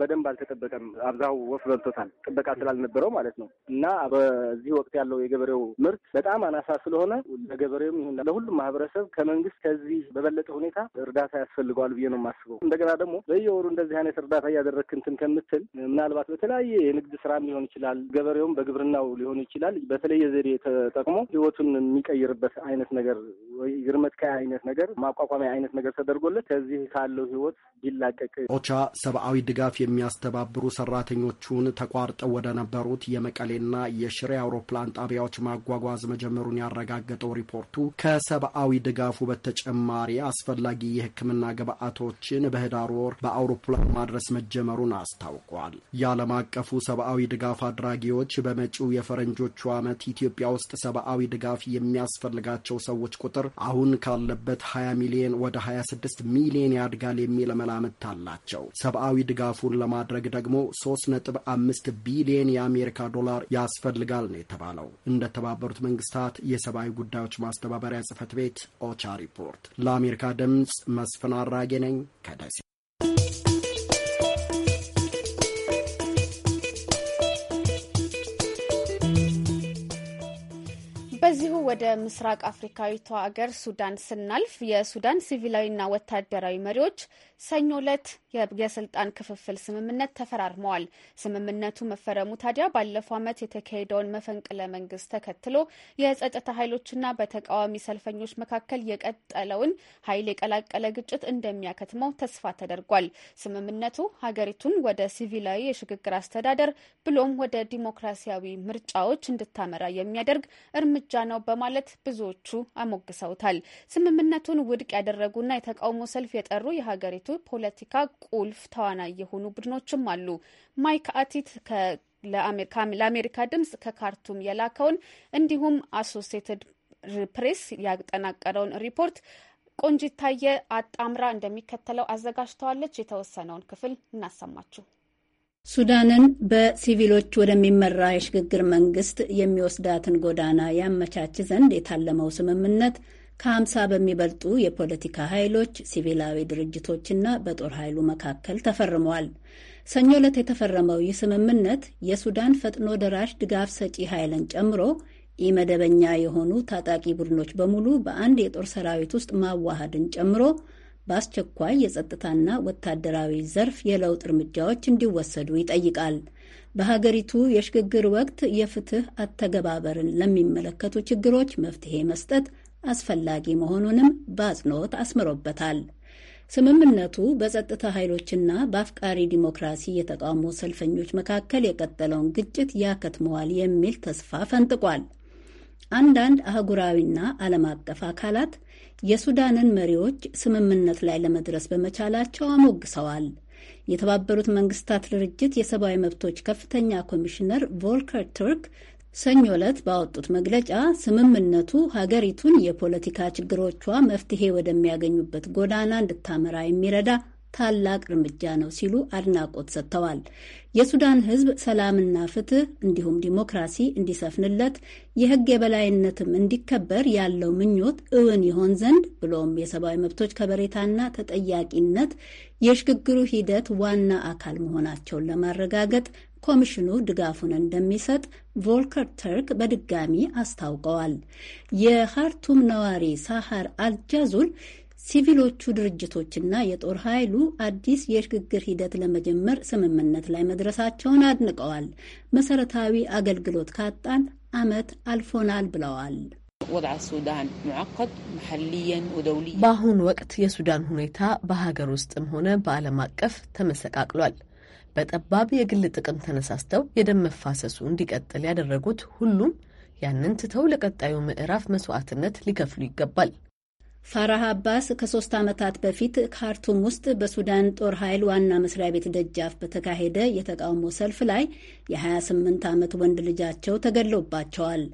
በደንብ አልተጠበቀም። አብዛው ወፍ በልቶታል፣ ጥበቃ ስላልነበረው ማለት ነው። እና በዚህ ወቅት ያለው የገበሬው ምርት በጣም አናሳ ስለሆነ ለገበሬውም ይሁን ለሁሉም ማህበረሰብ ከመንግስት ከዚህ በበለጠ ሁኔታ እርዳታ ያስፈልገዋል ብዬ ነው የማስበው። እንደገና ደግሞ በየወሩ እንደዚህ አይነት እርዳታ እያደረግክ እንትን ከምትል ምናልባት ምናልባት በተለያየ የንግድ ስራም ሊሆን ይችላል፣ ገበሬውም በግብርናው ሊሆን ይችላል። በተለየ ዘዴ ተጠቅሞ ህይወቱን የሚቀይርበት አይነት ነገር ወይ አይነት ነገር ማቋቋሚያ አይነት ነገር ተደርጎለት ከዚህ ካለው ህይወት ቢላቀቅ ኦቻ ሰብአዊ ድጋፍ የሚያስተባብሩ ሰራተኞቹን ተቋርጠው ወደ ነበሩት የመቀሌና የሽሬ አውሮፕላን ጣቢያዎች ማጓጓዝ መጀመሩን ያረጋገጠው ሪፖርቱ ከሰብአዊ ድጋፉ በተጨማሪ አስፈላጊ የህክምና ግብዓቶችን በህዳር ወር በአውሮፕላን ማድረስ መጀመሩን አስታውቋል። የዓለም አቀፉ ሰብአዊ ድጋፍ አድራጊዎች በመጪው የፈረንጆቹ ዓመት ኢትዮጵያ ውስጥ ሰብአዊ ድጋፍ የሚያስፈልጋቸው ሰዎች ቁጥር አሁን ካለበት 20 ሚሊዮን ወደ 26 ሚሊዮን ያድጋል የሚል መላምት አላቸው። ሰብአዊ ድጋፉን ለማድረግ ደግሞ 3.5 ቢሊዮን የአሜሪካ ዶላር ያስፈልጋል ነው የተባለው። እንደተባበሩት መንግስታት የሰብአዊ ጉዳዮች ማስተባበሪያ ጽህፈት ቤት ኦቻ ሪፖርት። ለአሜሪካ ድምፅ መስፍን አራጌ ነኝ ከደሴ። በዚሁ ወደ ምስራቅ አፍሪካዊቷ አገር ሱዳን ስናልፍ የሱዳን ሲቪላዊና ወታደራዊ መሪዎች ሰኞ ዕለት የስልጣን ክፍፍል ስምምነት ተፈራርመዋል። ስምምነቱ መፈረሙ ታዲያ ባለፈው ዓመት የተካሄደውን መፈንቅለ መንግስት ተከትሎ የጸጥታ ኃይሎችና በተቃዋሚ ሰልፈኞች መካከል የቀጠለውን ኃይል የቀላቀለ ግጭት እንደሚያከትመው ተስፋ ተደርጓል። ስምምነቱ ሀገሪቱን ወደ ሲቪላዊ የሽግግር አስተዳደር ብሎም ወደ ዲሞክራሲያዊ ምርጫዎች እንድታመራ የሚያደርግ እርምጃ ነው በማለት ብዙዎቹ አሞግሰውታል። ስምምነቱን ውድቅ ያደረጉና የተቃውሞ ሰልፍ የጠሩ የሀገሪቱ በሀገሪቱ ፖለቲካ ቁልፍ ተዋናይ የሆኑ ቡድኖችም አሉ። ማይክ አቲት ለአሜሪካ ድምጽ ከካርቱም የላከውን እንዲሁም አሶሴትድ ፕሬስ ያጠናቀረውን ሪፖርት ቆንጂት ታየ አጣምራ እንደሚከተለው አዘጋጅተዋለች። የተወሰነውን ክፍል እናሰማችሁ። ሱዳንን በሲቪሎች ወደሚመራ የሽግግር መንግስት የሚወስዳትን ጎዳና ያመቻች ዘንድ የታለመው ስምምነት ከ50 በሚበልጡ የፖለቲካ ኃይሎች፣ ሲቪላዊ ድርጅቶችና በጦር ኃይሉ መካከል ተፈርመዋል። ሰኞ ዕለት የተፈረመው ይህ ስምምነት የሱዳን ፈጥኖ ደራሽ ድጋፍ ሰጪ ኃይልን ጨምሮ ኢመደበኛ የሆኑ ታጣቂ ቡድኖች በሙሉ በአንድ የጦር ሰራዊት ውስጥ ማዋሃድን ጨምሮ በአስቸኳይ የጸጥታና ወታደራዊ ዘርፍ የለውጥ እርምጃዎች እንዲወሰዱ ይጠይቃል። በሀገሪቱ የሽግግር ወቅት የፍትህ አተገባበርን ለሚመለከቱ ችግሮች መፍትሄ መስጠት አስፈላጊ መሆኑንም በአጽንኦት አስምሮበታል። ስምምነቱ በጸጥታ ኃይሎችና በአፍቃሪ ዲሞክራሲ የተቃውሞ ሰልፈኞች መካከል የቀጠለውን ግጭት ያከትመዋል የሚል ተስፋ ፈንጥቋል። አንዳንድ አህጉራዊና ዓለም አቀፍ አካላት የሱዳንን መሪዎች ስምምነት ላይ ለመድረስ በመቻላቸው አሞግሰዋል። የተባበሩት መንግስታት ድርጅት የሰብአዊ መብቶች ከፍተኛ ኮሚሽነር ቮልከር ቱርክ ሰኞ ዕለት ባወጡት መግለጫ ስምምነቱ ሀገሪቱን የፖለቲካ ችግሮቿ መፍትሄ ወደሚያገኙበት ጎዳና እንድታመራ የሚረዳ ታላቅ እርምጃ ነው ሲሉ አድናቆት ሰጥተዋል። የሱዳን ሕዝብ ሰላምና ፍትህ እንዲሁም ዲሞክራሲ እንዲሰፍንለት የሕግ የበላይነትም እንዲከበር ያለው ምኞት እውን ይሆን ዘንድ ብሎም የሰብአዊ መብቶች ከበሬታና ተጠያቂነት የሽግግሩ ሂደት ዋና አካል መሆናቸውን ለማረጋገጥ ኮሚሽኑ ድጋፉን እንደሚሰጥ ቮልከር ተርክ በድጋሚ አስታውቀዋል። የካርቱም ነዋሪ ሳሐር አልጃዙል ሲቪሎቹ ድርጅቶችና የጦር ኃይሉ አዲስ የሽግግር ሂደት ለመጀመር ስምምነት ላይ መድረሳቸውን አድንቀዋል። መሰረታዊ አገልግሎት ካጣን ዓመት አልፎናል ብለዋል። በአሁኑ ወቅት የሱዳን ሁኔታ በሀገር ውስጥም ሆነ በዓለም አቀፍ ተመሰቃቅሏል። በጠባብ የግል ጥቅም ተነሳስተው የደም መፋሰሱ እንዲቀጥል ያደረጉት ሁሉም ያንን ትተው ለቀጣዩ ምዕራፍ መስዋዕትነት ሊከፍሉ ይገባል። ፋራህ አባስ ከሶስት ዓመታት በፊት ካርቱም ውስጥ በሱዳን ጦር ኃይል ዋና መስሪያ ቤት ደጃፍ በተካሄደ የተቃውሞ ሰልፍ ላይ የ28 ዓመት ወንድ ልጃቸው ተገድሎባቸዋል።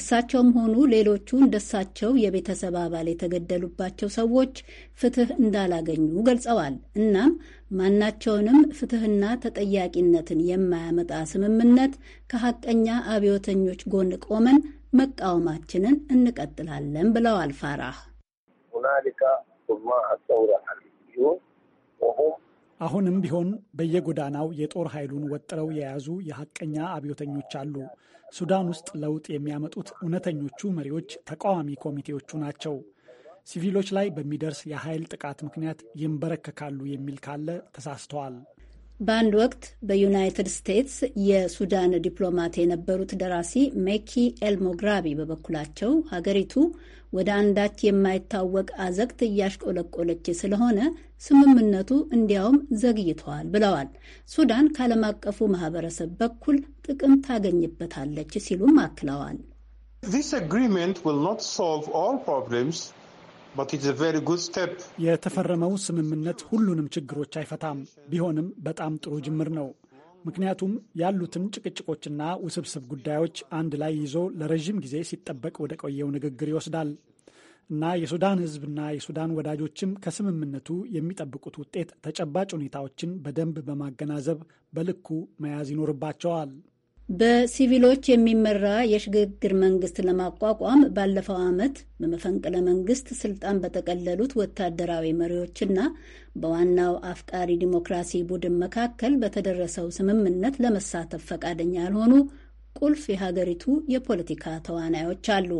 እሳቸውም ሆኑ ሌሎቹ እንደሳቸው የቤተሰብ አባል የተገደሉባቸው ሰዎች ፍትህ እንዳላገኙ ገልጸዋል። እናም ማናቸውንም ፍትህና ተጠያቂነትን የማያመጣ ስምምነት ከሐቀኛ አብዮተኞች ጎን ቆመን መቃወማችንን እንቀጥላለን ብለዋል ፋራህ ሁናሊካ ማ አሰውረ ወሁም አሁንም ቢሆን በየጎዳናው የጦር ኃይሉን ወጥረው የያዙ የሐቀኛ አብዮተኞች አሉ። ሱዳን ውስጥ ለውጥ የሚያመጡት እውነተኞቹ መሪዎች ተቃዋሚ ኮሚቴዎቹ ናቸው። ሲቪሎች ላይ በሚደርስ የኃይል ጥቃት ምክንያት ይንበረከካሉ የሚል ካለ ተሳስተዋል። በአንድ ወቅት በዩናይትድ ስቴትስ የሱዳን ዲፕሎማት የነበሩት ደራሲ ሜኪ ኤልሞግራቢ በበኩላቸው ሀገሪቱ ወደ አንዳች የማይታወቅ አዘቅት እያሽቆለቆለች ስለሆነ ስምምነቱ እንዲያውም ዘግይተዋል ብለዋል። ሱዳን ከዓለም አቀፉ ማህበረሰብ በኩል ጥቅም ታገኝበታለች ሲሉም አክለዋል። This agreement will not solve all problems. የተፈረመው ስምምነት ሁሉንም ችግሮች አይፈታም። ቢሆንም በጣም ጥሩ ጅምር ነው። ምክንያቱም ያሉትን ጭቅጭቆችና ውስብስብ ጉዳዮች አንድ ላይ ይዞ ለረዥም ጊዜ ሲጠበቅ ወደ ቆየው ንግግር ይወስዳል እና የሱዳን ሕዝብና የሱዳን ወዳጆችም ከስምምነቱ የሚጠብቁት ውጤት ተጨባጭ ሁኔታዎችን በደንብ በማገናዘብ በልኩ መያዝ ይኖርባቸዋል። በሲቪሎች የሚመራ የሽግግር መንግስት ለማቋቋም ባለፈው ዓመት በመፈንቅለ መንግስት ስልጣን በጠቀለሉት ወታደራዊ መሪዎችና በዋናው አፍቃሪ ዲሞክራሲ ቡድን መካከል በተደረሰው ስምምነት ለመሳተፍ ፈቃደኛ ያልሆኑ ቁልፍ የሀገሪቱ የፖለቲካ ተዋናዮች አሉ።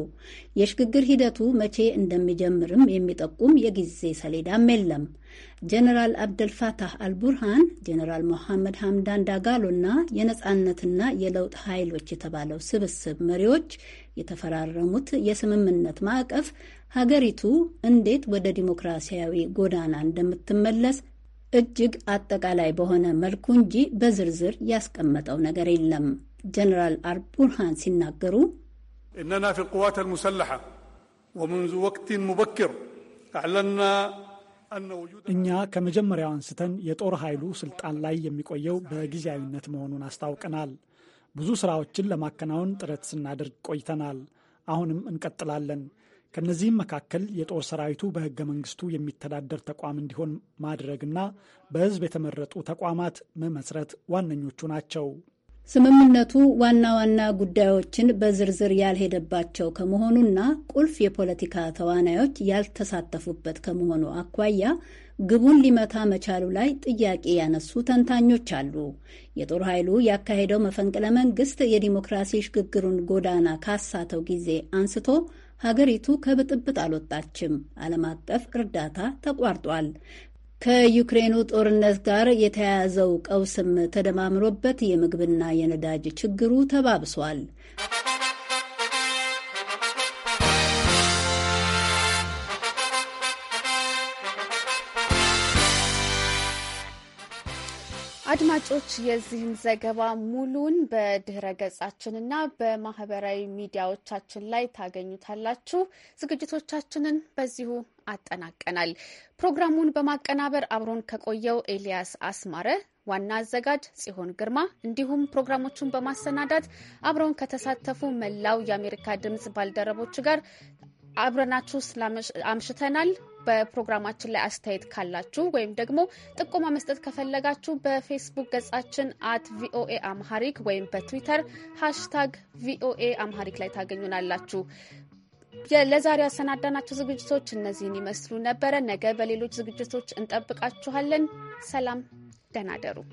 የሽግግር ሂደቱ መቼ እንደሚጀምርም የሚጠቁም የጊዜ ሰሌዳም የለም። ጀነራል አብደልፋታህ አልቡርሃን፣ ጀነራል ሞሐመድ ሐምዳን ዳጋሎና የነጻነትና የለውጥ ኃይሎች የተባለው ስብስብ መሪዎች የተፈራረሙት የስምምነት ማዕቀፍ ሀገሪቱ እንዴት ወደ ዲሞክራሲያዊ ጎዳና እንደምትመለስ እጅግ አጠቃላይ በሆነ መልኩ እንጂ በዝርዝር ያስቀመጠው ነገር የለም። ጀነራል አልቡርሃን ሲናገሩ እነና ፊ ልቁዋት አልሙሰላሓ ወምንዙ ወቅትን ሙበክር አዕለና እኛ ከመጀመሪያው አንስተን የጦር ኃይሉ ስልጣን ላይ የሚቆየው በጊዜያዊነት መሆኑን አስታውቀናል። ብዙ ስራዎችን ለማከናወን ጥረት ስናደርግ ቆይተናል። አሁንም እንቀጥላለን። ከነዚህም መካከል የጦር ሰራዊቱ በህገ መንግስቱ የሚተዳደር ተቋም እንዲሆን ማድረግና በህዝብ የተመረጡ ተቋማት መመስረት ዋነኞቹ ናቸው። ስምምነቱ ዋና ዋና ጉዳዮችን በዝርዝር ያልሄደባቸው ከመሆኑና ቁልፍ የፖለቲካ ተዋናዮች ያልተሳተፉበት ከመሆኑ አኳያ ግቡን ሊመታ መቻሉ ላይ ጥያቄ ያነሱ ተንታኞች አሉ። የጦር ኃይሉ ያካሄደው መፈንቅለ መንግስት የዲሞክራሲ ሽግግሩን ጎዳና ካሳተው ጊዜ አንስቶ ሀገሪቱ ከብጥብጥ አልወጣችም። ዓለም አቀፍ እርዳታ ተቋርጧል። ከዩክሬኑ ጦርነት ጋር የተያያዘው ቀውስም ተደማምሮበት የምግብና የነዳጅ ችግሩ ተባብሷል። አድማጮች የዚህን ዘገባ ሙሉን በድህረ ገጻችንና በማህበራዊ ሚዲያዎቻችን ላይ ታገኙታላችሁ። ዝግጅቶቻችንን በዚሁ አጠናቀናል። ፕሮግራሙን በማቀናበር አብሮን ከቆየው ኤልያስ አስማረ ዋና አዘጋጅ ጽሆን ግርማ እንዲሁም ፕሮግራሞቹን በማሰናዳት አብረውን ከተሳተፉ መላው የአሜሪካ ድምፅ ባልደረቦች ጋር አብረናችሁ አምሽተናል። በፕሮግራማችን ላይ አስተያየት ካላችሁ ወይም ደግሞ ጥቆማ መስጠት ከፈለጋችሁ በፌስቡክ ገጻችን አት ቪኦኤ አምሃሪክ ወይም በትዊተር ሃሽታግ ቪኦኤ አምሃሪክ ላይ ታገኙናላችሁ። ለዛሬ ያሰናዳናቸው ዝግጅቶች እነዚህን ይመስሉ ነበረ። ነገ በሌሎች ዝግጅቶች እንጠብቃችኋለን። ሰላም፣ ደህና ደሩ።